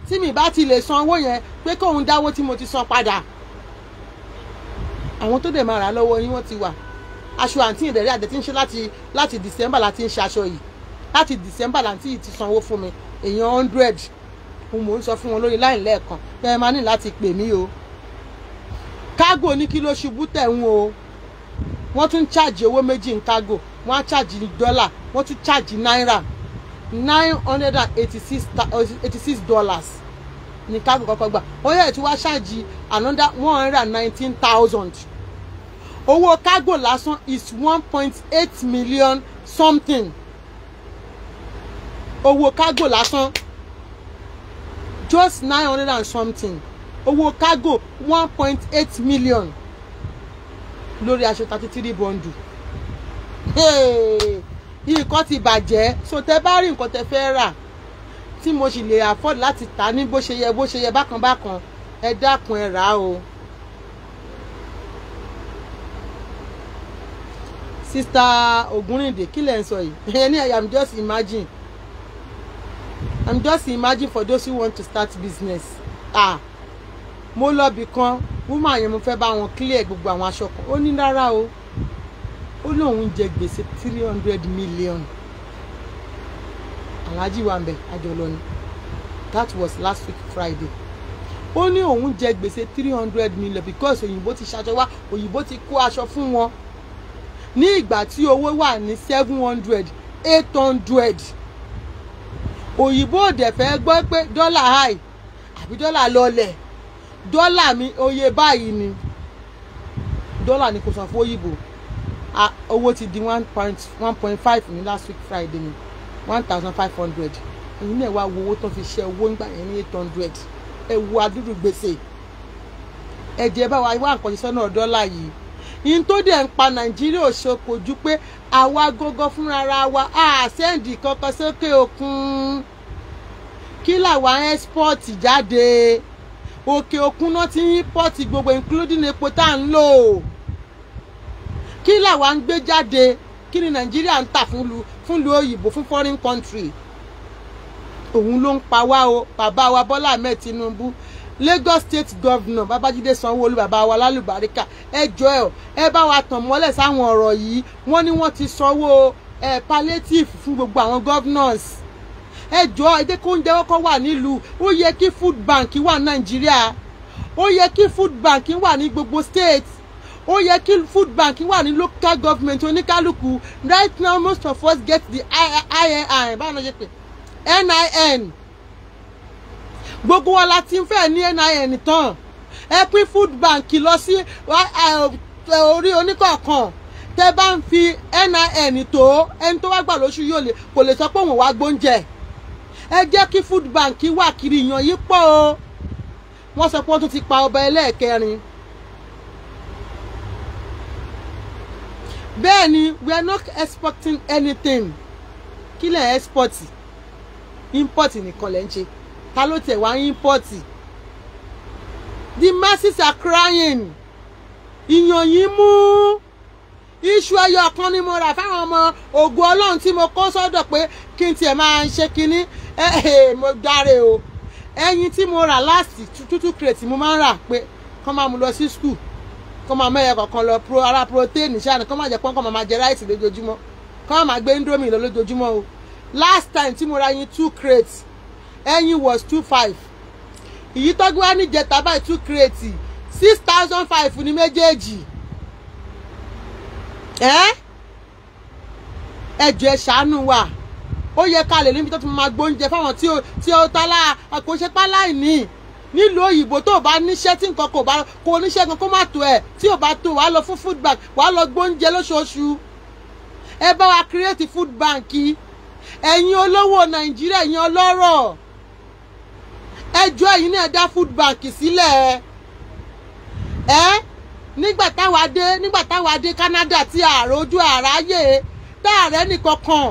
tí mi bá ti lè san owó yẹn pé kóun dáwó tí mo ti san padà àwọn tó dẹ̀ máa rà lọ́wọ́ yín wọ́n ti wà aṣọ àǹtí ìrẹ̀rẹ̀ àdẹ tí ń ṣe láti láti December láti ń ṣe aṣọ yìí láti December láti ti sanwó fún mi èèyàn hundred mo mò ń sọ fún wọn lórí láì lẹ́ẹ̀kan bẹ́ẹ̀ máa ní láti pè mí o kágò ní kí ló ṣubú tẹ̀ ń o wọ́n tún ń ṣáàjì owó méjì ń kágò wọ́n á ṣáàjì dọ́là wọ́n tún ṣáàjì náírà nine hundred and eighty six dollars ní káàbù kọ́kọ́ gbà wọ́n yẹ̀ tí wọ́n á ṣáàjì another one hundred and nineteen thousand owó kágò lásán is one point eight million something owó kágò lásán just nine hundred and something owó kágò one point eight million lórí aṣọ thirty three bọ́ndù nǹkan ti bàjẹ́ so tẹ bá rí nǹkan tẹ fẹ́ rà tí mo sì lè afford láti tà ní bó ṣe yẹ bó ṣe yẹ bákan bákan ẹ dákun ẹ rà o. sista Ògúnrìndé kí lẹ ń sọ yìí ẹyẹ ní ẹyà i'm just imagine i'm just imagine for those who want to start business ah mo lọ bì kan woman yẹn mo fẹ́ bá wọn clear gbogbo àwọn aṣọ kan ó ní rárá o. Oh, ó lóun jẹ gbèsè three hundred million alhaji wambe ajọlọ ni that was last week friday ó ní òun jẹ gbèsè three hundred million because òyìnbó ti ṣaṣọ wá òyìnbó ti kó aṣọ fún wọn ní ìgbà tí owó wà ní seven hundred eight hundred òyìnbó òdẹ̀ fẹ́ gbọ́ pé dọ́là high àbí dọ́là lọlẹ̀ dọ́là mi oye báyìí ni dọ́là ni kò sọ fún òyìnbó owó ti di one point one point five ní last week friday ni one thousand five hundred ẹ̀yin náà wá wo owó tó fi ṣe owó nígbà yẹn ní eight hundred ẹ wo adúrú gbèsè ẹ jẹ́ bá wa wá nǹkan ṣe sọ́nà dọ́là yìí yín tó dẹ̀ ń pa nàìjíríà òṣò ju pé àwa gógó fúnra wa á sẹ́ǹdì kankan sókè òkun kí làwa ẹ́sípọ́ọ̀tì jáde òkè òkun náà ti ń pọ́ọ̀tì gbogbo including epo tá à ń lò kí làwa ń gbé jáde kí ni nàìjíríà ń tà fún lu òyìnbó fún foreign country òun ló ń pa wá o bàbá wa bọ́lá ahmed tinubu lagos state governor babájídé sanwóolu bàbá wa lálùbáríkà ẹ jọ ẹ ẹ bá wa tàn mọ́lẹ̀ sáwọn ọ̀rọ̀ yìí wọ́n ní wọ́n ti sanwó ẹ palliative fún gbogbo àwọn governors ẹ jọ ẹ jẹ́ kó oúnjẹ kọ́kọ́ wà nílùú ó yẹ kí food bank wà nàìjíríà ó yẹ kí food bank wà ní gbogbo state ó yẹ kí food bank wà ní local government oníkálukú right now most of us get the INR báwo ló ṣe pè NIN gbogbo wa la ti ń fẹ́ ní NIN tán ẹ pín food bank lọ sí orí oníkọ̀ọ̀kan tẹ bá ń fi NIN tó ẹni tó wá gbà lóṣù yóò lè kò lè sọ pé òun wá gbóúnjẹ ẹ jẹ́ kí food bank wà kiri ìyàn yìí pọ̀ o wọ́n sọ pé wọ́n tún ti pa ọba ẹlẹ́ẹ̀kẹrin. bẹ́ẹ̀ ni we are not exporting anything kí lẹ̀ export import nìkan lẹ̀ ń ṣe ta ló tẹ̀ wá import the masses are crying ìyàn yìí mú iṣu ẹyọ kan ni mo rà fáwọn ọmọ ògùn ọlọ́run tí mo kó sọ́dọ̀ pé kí n tiẹ̀ máa ń ṣe kinní eh, eh, mo dáre o ẹyin tí mo rà last tútù kìrètì mo máa ń rà pé kán máa mú lọ sí school kọ́ máa mẹ́yẹ kọ̀ọ̀kan lọ pro ara protein ṣáà kọ́ máa jẹ pọ́n kọ́ máa jẹ ráìsì lójoojúmọ́ kọ́ máa gbé indomie lọ lójoojúmọ́ o last time tí mo ra yín two crates ẹyin was two five ìyí tọ́gbé wá ní jẹta báyìí two crates six thousand five ní méjèèjì ẹjọ ẹ ṣàánú wa ó yẹ ká lè níbi tó ti máa gbóúnjẹ fáwọn tí ó tí ó àkóṣepá láì ní nílùú òyìnbó tó o bá níṣẹ́ tí nǹkan kò bá kò níṣẹ́ kan kó má tó ẹ̀ tí o bá tó wàá lọ fún food bank wàá lọ gbóúnjẹ lóṣooṣù ẹ bá wa create food bank ẹ̀yin olówó nàìjíríà ẹ̀yin ọlọ́rọ̀ ẹjọ́ ẹ̀yin náà dá food bank sílẹ̀ ẹ nígbà táwa dé nígbà táwa dé Canada tí ààrẹ ojú àráyè tá ààrẹ nìkan kàn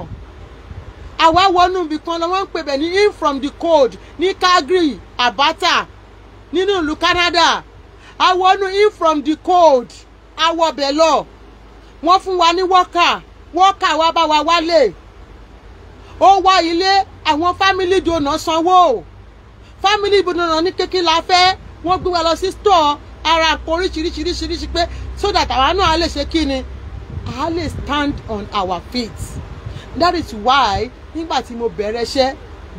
àwa wọnú ibì kan lọ wọ́n ń pè bẹ̀ ní in from the cold ní Calgary abata nínú ìlú Canada àwọnú in from the cold àwọbẹ̀ lọ wọ́n fún wa ní wọ́kà wọ́kà wa bá wa wálé ó wá ilé àwọn fámìlì dònà sanwó fámìlì dònà ní kékeré la fẹ́ wọ́n gbé wa lọ sí store ara nǹkan oríṣiríṣiríṣiríṣi pé so that àwa náà lè ṣe kí ni a lè stand on our feet that is why nígbà tí mo bẹ̀rẹ̀ iṣẹ́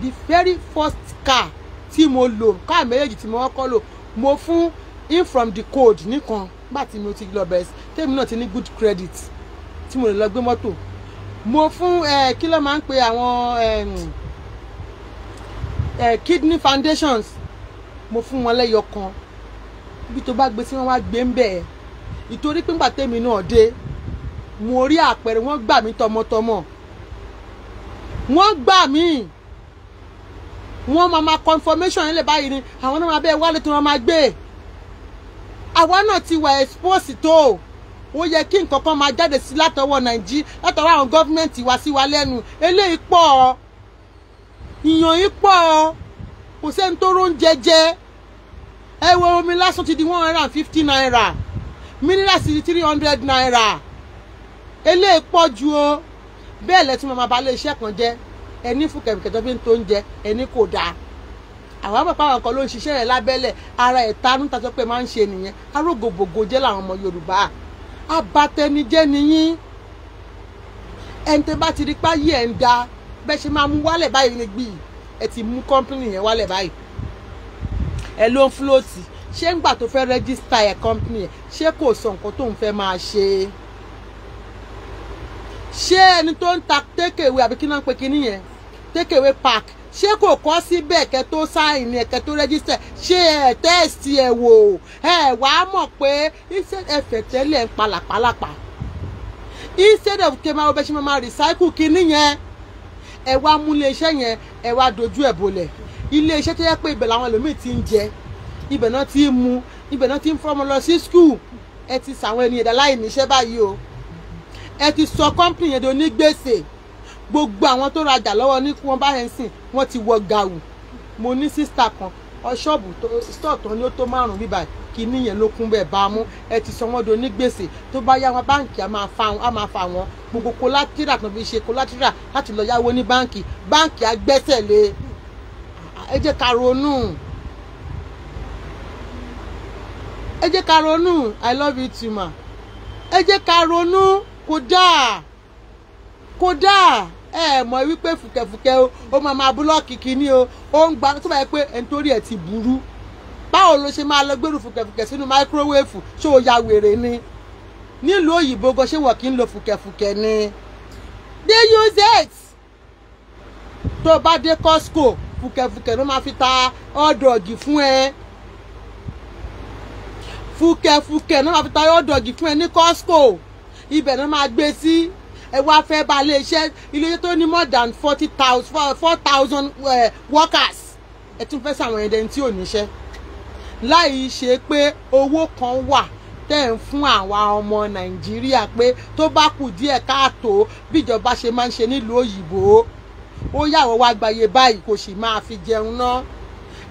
the very first car tí mo lò káà méjèèjì tí mo kọ́kọ́ lò mo fún in from the code nìkan nígbà tí mo ti lọ bẹ̀rẹ̀ tèmi náà ti ní good credit tí mo lè lọ gbé mọ́tò mo fún kí ló máa ń pe àwọn kidney foundations mo fún wọn lẹ́yọ kan bí tó bá gbé tí wọ́n wá gbé ń bẹ̀ ìtorí pé ńgbà tèmi náà dé mo rí àpẹẹrẹ wọ́n gbà mí tọmọtọmọ wọ́n gbà mí wọ́n máa máa confirmation yẹn lè báyìí ni àwọn náà máa bẹ́ẹ̀ wálé tí wọ́n máa gbé àwa náà ti wà expose tó ó yẹ kí nǹkan kan máa jáde sí látọwọ́ nàìjí látọwọ́ àwọn gọ́fìmẹ̀ntì wá sí wa lẹ́nu eléyìí pọ̀ ìyàn yìí pọ̀ kò sẹ́ni tó róúnjẹ jẹ ẹ omi lásán ti di one hundred and fifty naira mineral sì di three hundred naira eléyìí pọ̀ ju o bẹ́ẹ̀ lẹ́tí máa ba ilé iṣẹ́ kan jẹ́ ẹni fún kẹ̀kẹ́tọ́ bí n tó ń jẹ ẹni kò dáa àwọn àpapọ̀ àwọn kan ló ń ṣiṣẹ́ rẹ̀ lábẹ́lẹ̀ ara ẹ̀tanú ta sọ pé máa ń ṣe nìyẹn arógòbògò jẹ́ làwọn ọmọ Yorùbá abatẹnijẹ́ nìyín ẹni tẹ́ bá ti rí páyé ẹ̀ ń da bẹ́ẹ̀ ṣe máa mú wálẹ̀ báyìí ní gbìyì ẹ ti mú kọ́ńpìnì yẹn wálẹ̀ báyìí ẹ ló ń flóòtì ṣé ń gbà tó fẹ́ rẹ́gísítà ẹ̀ kọ́ńpìnì ẹ̀ ṣé kò sọ nǹkan tó ń fẹ́ máa ṣe ṣé ẹni tó ń ta tékèwé àbí kí náà ń pe kinní yẹn Take takeaway park ṣé kò kọ́ síbẹ̀ kẹ́ tó sáìn ní ẹ̀kẹ́ tó rẹ́jísítẹ̀ ṣé ẹ̀ tẹ́ẹ̀sì ẹ̀ wò ẹ̀ wá mọ̀ pé ẹ̀fẹ̀ tẹ́lẹ̀ ń palàpalàpà instead of kí ẹ máa bẹ́ṣẹ́ máa recycle kinní yẹn ẹ wá mú iléeṣẹ́ yẹn ẹ wá dojú ẹ̀ bolẹ̀ iléeṣẹ́ tó yẹ pé ibẹ̀ làwọn ẹlòmíì ti ń jẹ ibẹ̀ náà ti ń mu ibẹ̀ náà ti ń fọ́mọ lọ sí school ẹ ti sàwọn ènìyàn dá láì níṣẹ́ báyìí o ẹ ti sọ company yẹn di onígbèsè gbogbo àwọn tó rajà lọ́wọ́ ní wọ́n bá yẹn sìn wọ́n ti wọ gàù mo ní sísítà kan ṣọ́ọ̀bù stọọ tó ní ó tó márùn bíbá kìíní yẹn ló kún bẹ́ẹ̀ bá mú ẹ ti sọ wọ́n do ní gbèsè tó bá yá wọn báǹkì á máa fa á máa fa wọn gbogbo kólátírà tó fi ṣe kólátírà láti lọ yáwó ní báǹkì báǹkì á gbẹ́sẹ̀ lé ẹ jẹ́ ká ronú ẹ jẹ́ ká ronú i love you too ma ẹ jẹ́ ká ronú kódà kódà ẹ mọ̀ wípé fùkẹ̀fùkẹ̀ o ó máa máa búlọ́ọ̀kì kínní o ó ń gba tó bá pé ẹni tó ti burú báwo ló ṣe máa lọ gbèrú fùkẹ̀fùkẹ̀ sínú máíkírówèèfù ṣé o ya wèrè ni nílùú òyìnbó gan ṣé wọ́n kì í lo fùkẹ̀fùkẹ̀ ni they use it tó o bá dé Costco fùkẹ̀fùkẹ̀ ló máa fi ta ọ́dọ̀gì fún ẹ fùkẹ̀fùkẹ̀ ló máa fi ta ọ́dọ̀gì fún ẹ ní Costco ibẹ̀ ló máa gbé sí. Si ẹ wá fẹ́ bá ilé iṣẹ́ ilé iṣẹ́ tó ní more than forty thousand four thousand eh, workers ẹ tún fẹ́ sàwọn ẹ̀dẹ̀ tí ò níṣẹ́ láì ṣe pé owó kan wà tẹ́ ń fún àwa ọmọ nàìjíríà pé tó bá kù díẹ̀ káàtó bíjọba ṣe máa ń ṣe nílùú òyìnbó ó yàwó wá gbayé báyìí kò sì máa fi jẹun ná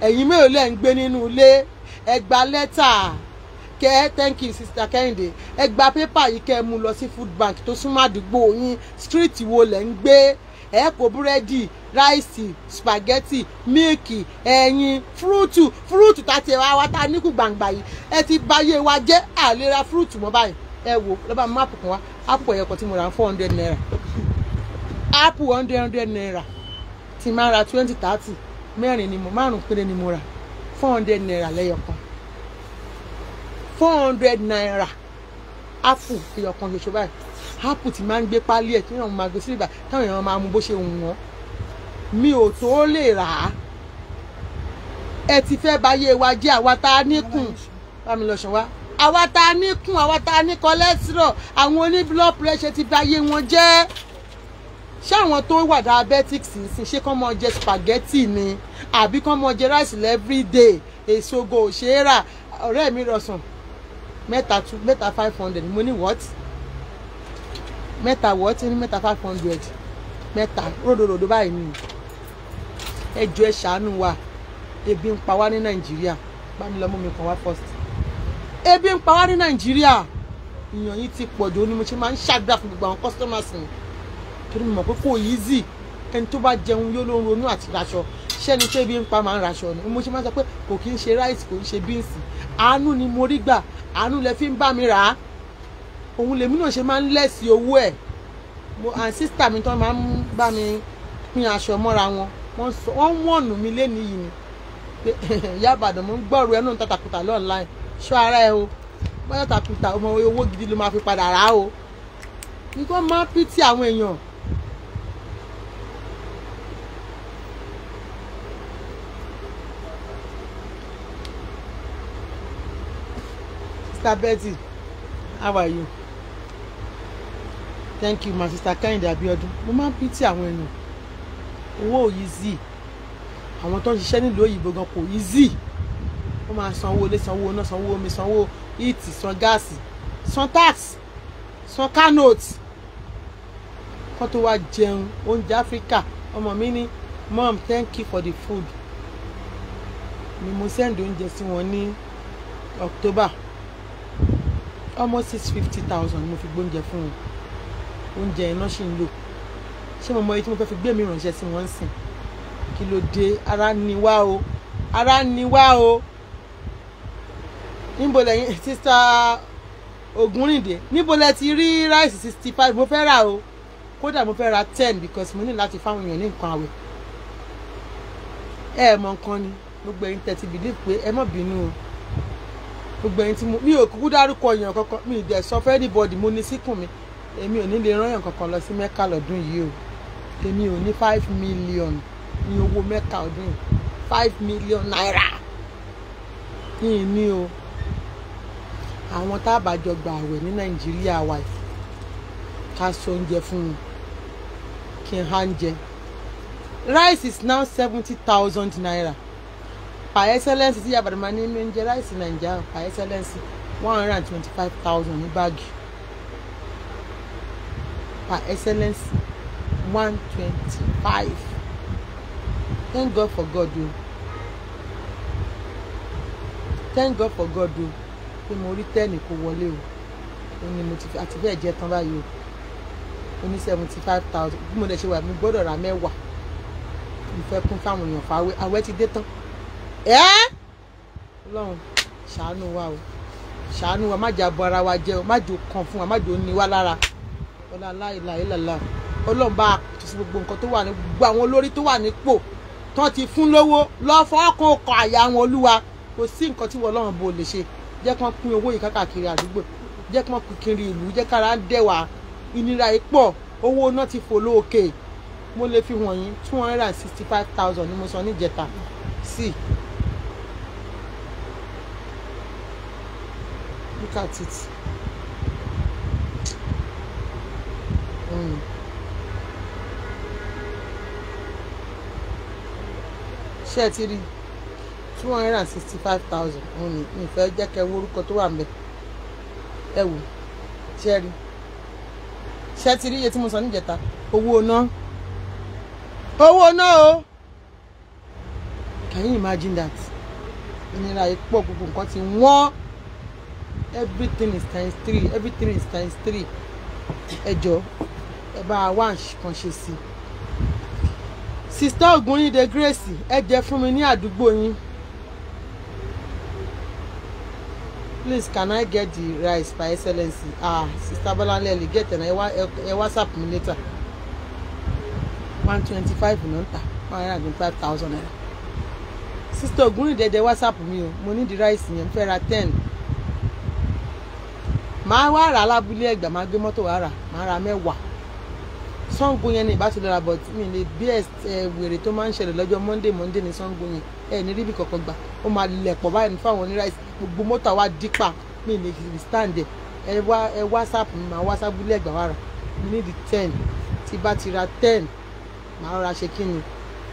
ẹ̀yin mélòó lẹ́ ń gbé nínú ilé ẹ gba lẹ́tà àkẹ́ thank you sister kẹ́hìndé ẹ gba pépà yìí kẹ́ ẹ mú lọ sí food bank tó súnmọ́ àdúgbò yín street wo lẹ̀ ń gbé ẹ kó búrẹ́dì ráìsì spaghetti míìkì ẹyin fúrúùtù fúrúùtù tá a ti wá wá tá a níkù gbàǹgbà yìí ẹ ti báyé wa jẹ́ àlera fúrúùtù mọ́ báyìí ẹ wò lọ́ba mú àpò kan wá àpò ẹ̀yọkọ̀ tí mo rà four hundred naira àpò hundred hundred naira tí máa ra twenty thirty mẹ́rin ni mo márùn péré ni mo rà four hundred naira lẹ́yọ̀kan four hundred naira apple ẹyọkan ṣoṣo báyìí apple ti máa ń gbé pálí ẹ̀ tí wọ́n máa gbé sílẹ̀ táwọn èèyàn máa mú bó ṣe wù wọ́n mi ò tó lè rà á ẹ ti fẹ́ báyé wa jẹ́ àwa tá a níkùn bámi lọ sàn wá àwa tá a níkùn àwa tá a ní cholesterol àwọn oní blood pressure ti báyé wọn jẹ́ ṣé àwọn tó wà diabetics sìn ṣé kán mọ jẹ spaghetti ni àbí kán mọ jẹ rice every day èso go ṣe é rà ọ̀rẹ́ mi rọ̀sàn mẹ́ta two mẹ́ta five hundred mo ní what mẹ́ta what ní mẹ́ta five hundred mẹ́ta ròdòròdò báyìí ni ẹ jọ̀ọ́ ẹ ṣàánú wa ebi ń pa wá ní nàìjíríà bá mi lọ mú mi kàn wá first ebi ń pa wá ní nàìjíríà ìyàn yìí ti pọ̀jù ó ní mo ṣe máa ń ṣàgbà fún gbogbo àwọn customers mi torí mo mọ̀ pé kò easy ẹni tó bá jẹun yóò ló ń ronú àti raṣọ ṣẹ́ni tó ebi ń pa máa ń raṣọ ni mo ṣe máa ń sọ pé kò kí ń ṣe ráìsì kò ń ṣe bíǹsì àánú ni mo rí gbà àánú lẹ fi ń bá mi rà á òun lèmi náà ṣe máa ń lẹ́sì owó ẹ̀ mo and sister mi tó máa ń bá mi pín aṣọ mọ́ra wọn wọ́n wọ̀nù mi lẹ́nu yìí ni ìyá àbàdàn mo ń gbọ́ ọ̀rọ̀ ẹ̀ náà tàtàkùtà online ṣọ́ ara ẹ o bá tàtàkùtà ọmọ owó gidi ló máa fi padà rà á o nǹkan máa ń pìtì àwọn èèyàn sister Betty how are you thank you my sister Kẹ́hìndé Abíọ́dún mo máa ń pítì àwọn èèyàn owó ò easy àwọn tó ń ṣiṣẹ́ nílùú òyìnbó gan kò easy wọ́n máa sanwó ilé sanwó iná sanwó omi sanwó ìtì san gáàsì san tax san kánóòtì kó tó wá jẹun oúnjẹ áfíríkà ọmọ mi ní mom thank you for the food ni mo send oúnjẹ sí wọn ní October Almost six fifty thousand ni mo fi gbóúnjẹ fún wọn oúnjẹ iná ṣì ń lò ṣé mo mọ iye tí mo fẹ́ fi gbé mi ránṣẹ́ sí wọn sìn kí ló dé ara ni wá o ara ni wá o níbo lẹ́yìn sista Ògúnrìndé níbo lẹ ti rí ráìsì sixty five mo fẹ́ rà o kódà mo fẹ́ ra ten because mo ní láti fáwọn èèyàn ní nǹkan àwẹ̀ ẹ mọ nǹkan ni gbogbo ẹ̀yin tẹ́ ti believe pé ẹ má bínú o gbogbo ẹ̀yin tí mo mi ò kúkú dárúkọ èèyàn kankan mi ìdẹ̀ sọ fẹ́ anybody mo ní síkùn mi èmi ò ní lè rán èèyàn kankan lọ sí mẹ́ka lọ́dún yìí o èmi ò ní five million ní owó mẹ́ka ọdún yìí five million naira ní ìní o àwọn tá a bá jọ gba àwẹ̀ ní nàìjíríà wa ká so oúnjẹ fún un kí n há jẹ rice is now seventy thousand naira per excellence tí yabadama ní ló ń jẹ ráìsì nàìjíríà per excellence one hundred and twenty five thousand ní báàgì per excellence one twenty five thank God for God o thank God for God o pé mo rí tẹ́ẹ̀nì kó wọlé o ó ní mo ti fi àti bẹ́ẹ̀ jẹ́ tán báyìí o ó seventy five thousand bí mo lè ṣe wà mí gbọ́dọ̀ ra mẹ́wàá mo fẹ́ kún fáwọn èèyàn fáwẹ́ awẹ́ ti dé tán ẹ́ ọlọ́run ṣàánú wa o ṣàánú wa má jà bo ara wa jẹ́ o má jò kàn fún wa má jò ní wa lára ọlá aláìláìlàlá ọlọ́run bá àtúnṣe gbogbo nǹkan tó wà ní gbogbo àwọn olórí tó wà nípò tán ti fún lówó lọ́fọ́ ọkàn ọkọ̀ àyà àwọn olúwa kò sí nǹkan tí wọ́n lọ́run bò lè ṣe jẹ́ kán pín owó yìí káàkiri àdúgbò jẹ́ kán pín kiri ìlú jẹ́ kára ń dẹ̀wà ìnira yìí pọ̀ owó náà ti fò lóòkè mo lè fi wọ̀nyí two hundred and sixty five thousand ni mo san níjẹta sí. Si Look at it. Mm. ṣé ti rí two hundred and sixty five thousand òun ni ìfẹ́ jẹ́ kẹ́ wo orúkọ tó wà ń bẹ̀ ẹ wò ṣé ẹ rí ti rí iye tí mo sọ níjẹta owó ná owó ná o can you imagine that ìnira ipò gbogbo nǹkan ti wọ́n everything is times three everything is times three ẹ jọ ẹ bá a wá nǹkan ṣe sí i sista Ògúnnídé Grace ẹ jẹ́ fún mi ní àdúgbò yín please can I get the rice by excellency ah sista Bọ́láńlé ẹ lè get ẹ náà ẹ whatsapp me later one twenty five ló ń one hundred and twenty five thousand naira sista Ògúnnídé De whatsapp mi o mo ní the rice yẹn fẹ́ ra ten máa wá rà lábúlé ẹ̀gbà máa gbé mọ́tò wá rà máa ra mẹ́wàá Ṣàngó yẹn ni ìbá ti lọ́ra but mi lè bí wèrè tó máa ń ṣẹlẹ̀ lọ́jọ́ monday monday ni Ṣàngó yẹn ẹ ní ríbi kọ̀ọ̀kan gbà ó máa lẹ̀ pọ̀ báyìí fáwọn oníráìsì gbogbo mọ́tò àwa dípà mi lè fi stand ẹ wá ẹ whatsapp mi máa whatsapp búlé ẹ̀gbà wá rà mi ní ten tí bá ti ra ten màá ra ṣe kí ni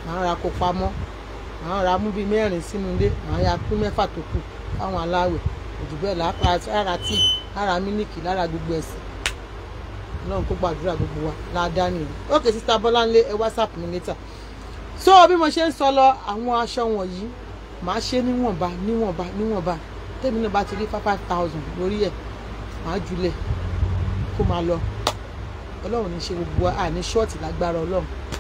màá ra kó pamọ́ màá ra mú bíi mẹ́rin sínú ilé màá ya pín mẹ́fà tó kù fáwọn aláwẹ̀ òdùbẹ́ làá pa lára mílíkì lára gbogbo ẹ̀sìn ọlọ́run kó gbàdúrà gbogbo wa láàdá nìyí ok sista bọ́láńlé ẹ whatsapp mi later so bí mo ṣe ń sọ lọ àwọn aṣọ wọ̀nyí màá ṣe níwọ̀nba níwọ̀nba níwọ̀nba tẹ́mi náà bá ti rí five thousand lórí ẹ̀ màá jùlẹ̀ kó máa lọ ọlọ́run ní ṣe gbogbo wa àní ṣọ́ọ̀tì lágbára ọlọ́run